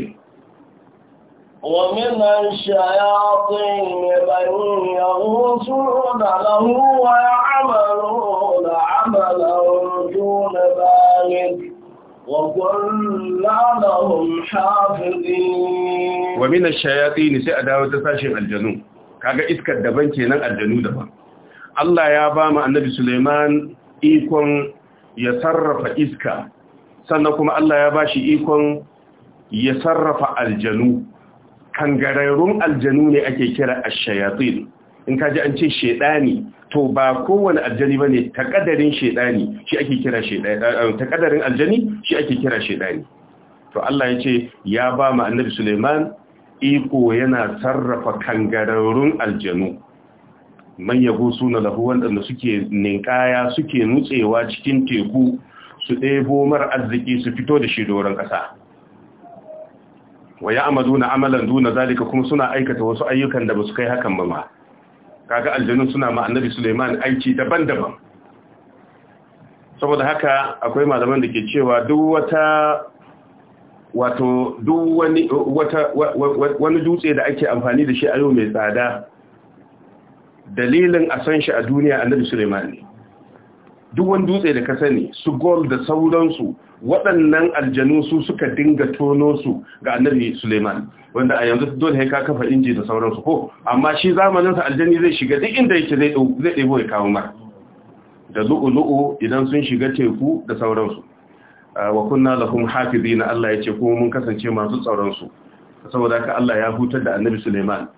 Wani nasha tsini mai bayanin ya mutu daga ruwa ya Amadu, da Amadu mai bayanin ƙwagwalla da rum haka dini. Wani nasha sai a dawo ta sashin aljanu, kaga iskar da ke nan aljanu daban. Allah ya bama Annabi Suleiman ikon. ya sarrafa iska sannan kuma Allah ya bashi ikon ya sarrafa aljanu kangararrun aljanu ne ake kira ash-shayatin in kaji an ce shedani to ba kowane aljani bane takadarin shedani shi ake kira shedani eh, takadarin aljani shi ake kira shedani to Allah ya ce ya ba mu annabi Suleiman iko yana sarrafa kangararrun aljanu man yabo suna lahu wanda suke ninkaya suke nutsewa cikin teku su ɗebo mara arziki su fito da shi doron ƙasa wa ya amadu na amalan duna zalika kuma suna aikata wasu ayyukan da ba su kai hakan ba ma kaga Aljanun suna ma annabi suleiman aiki daban-daban saboda haka akwai malaman da ke cewa duk wata wato duk wani wani dutse da ake amfani da shi a yau mai tsada dalilin a san shi a duniya annabi Suleiman ne duk wani dutse da ka sani su gol da sauransu waɗannan aljanu su suka dinga tono su ga annabi Suleiman wanda a yanzu dole ka kafa inji da sauransu ko amma shi zamanin sa aljani zai shiga duk inda yake zai zai debo ya kawo mar da lu'ulu'u idan sun shiga teku da sauransu ah, wa kunna lahum hafizina Allah ya ce kuma mun kasance masu tsaron su saboda haka Allah ya hutar da annabi Suleiman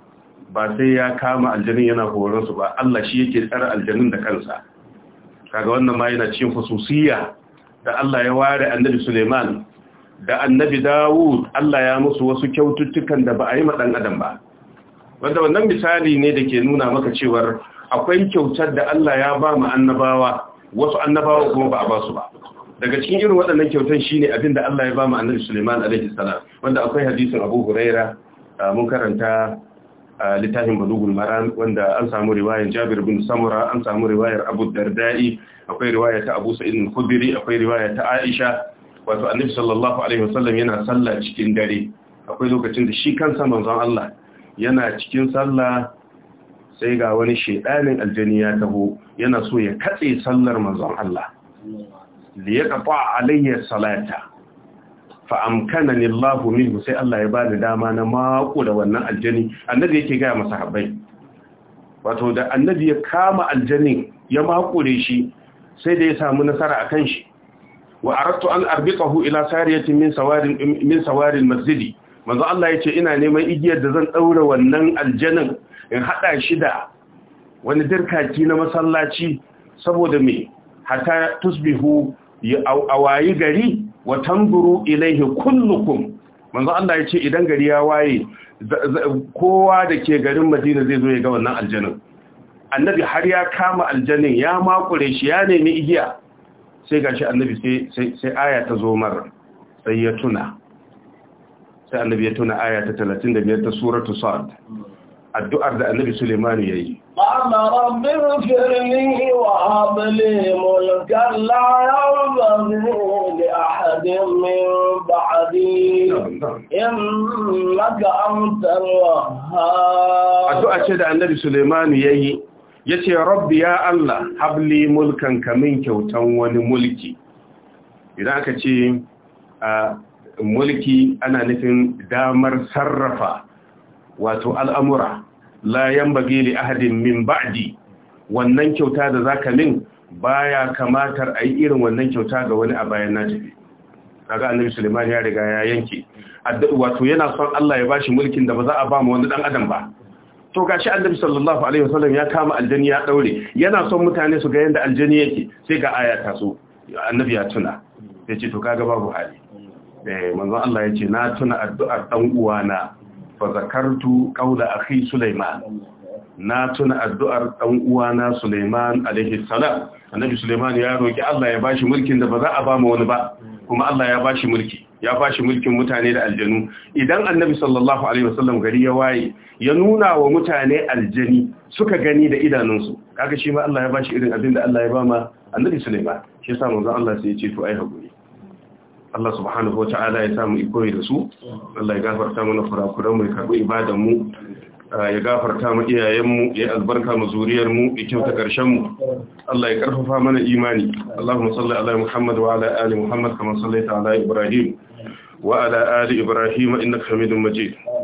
ba sai ya kama aljanin yana horon su ba Allah shi yake tsara aljanin da kansa kaga wannan ma yana cikin hususiyya da Allah ya ware annabi Suleiman da annabi Dawud Allah ya musu wasu kyaututtukan da ba a yi maɗan adam ba wanda wannan misali ne da ke nuna maka cewa akwai kyautar da Allah ya ba mu annabawa wasu annabawa kuma ba a ba su ba daga cikin irin waɗannan kyautar shine abin da Allah ya ba mu annabi Suleiman alaihi salam wanda akwai hadisin Abu Huraira mun karanta littafin balugul maram wanda an samu riwayar jabir bin samura an samu riwayar abu dardai akwai riwaya ta abu sa'id al-khudri akwai riwaya ta aisha wato annabi sallallahu alaihi wasallam yana sallah cikin dare akwai lokacin da shi kansa manzon Allah yana cikin sallah sai ga wani shedanin aljani ya taho yana so ya katse sallar manzon Allah li yaqta alayya salata fa'amkanani Allahu minhu sai Allah ya bani dama na mako da wannan aljani annabi yake gaya masa habbai wato da annabi ya kama aljanin ya da shi sai da ya samu nasara a kan shi wa arattu an hu, ila sariyatin min sawarin min masjidi manzo Allah yace ina neman igiyar da zan ɗaura wannan aljanin in haɗa shi da wani dirkaki na masallaci saboda mai hatta tusbihu a wayi gari wa tanzuru ilaihi kullukum manzo Allah ya ce idan gari ya waye kowa da ke garin Madina zai zo ya ga wannan aljanin annabi har ya kama aljanin ya makure shi ya nemi igiya sai gashi annabi sai sai aya ta zo mar sai ya tuna sai annabi ya tuna aya ta 35 ta suratu sad addu'ar da annabi Suleiman ya yi. Ma'ana wa da ahadin min ba'adi in maka ce da annabi Suleiman ya yi, ya ce, Rabbi ya Allah, habli mulkan kamin kyautan wani mulki. Idan aka ce, mulki ana nufin damar sarrafa wato al'amura la yanbaghi li ahadin min ba'adi, wannan kyauta da zaka min baya kamatar a yi irin wannan kyauta ga wani a bayan na tafi kaga annabi Suleiman ya riga ya yanke wato yana son Allah ya bashi mulkin da ba za a ba mu wani dan adam ba to gashi annabi sallallahu alaihi wasallam ya kama aljani ya daure yana son mutane su ga yanda aljani yake sai ga aya ta so annabi ya tuna yace to kaga babu hali eh manzon Allah yace na tuna addu'ar dan uwana Fazakartu kaula a akhi Sulaiman na tuna addu'ar dan uwana Sulaiman alaihi salam annabi Sulaiman ya roki Allah ya bashi mulkin da ba za a ba mu wani ba kuma Allah ya bashi mulki ya bashi mulkin mutane da aljanu idan annabi sallallahu alaihi wasallam gari ya waye ya nuna wa mutane aljani suka gani da idanunsu kaga shi ma Allah ya bashi irin abin da Allah ya ba ma annabi Sulaiman shi yasa manzon Allah sai ya ce to ai hakuri Allah subhanahu wa ta'ala ya samu ikoyi da su Allah ya gafarta mana kurakuran mu ya karbi ibadan mu ya gafarta mu iyayen mu ya albarka mu zuriyar mu ya kyauta karshen mu Allah ya karfafa mana imani Allahumma salli ala Muhammad wa ala ali Muhammad kama sallaita ala Ibrahim wa ala ali Ibrahim innaka Hamidum Majid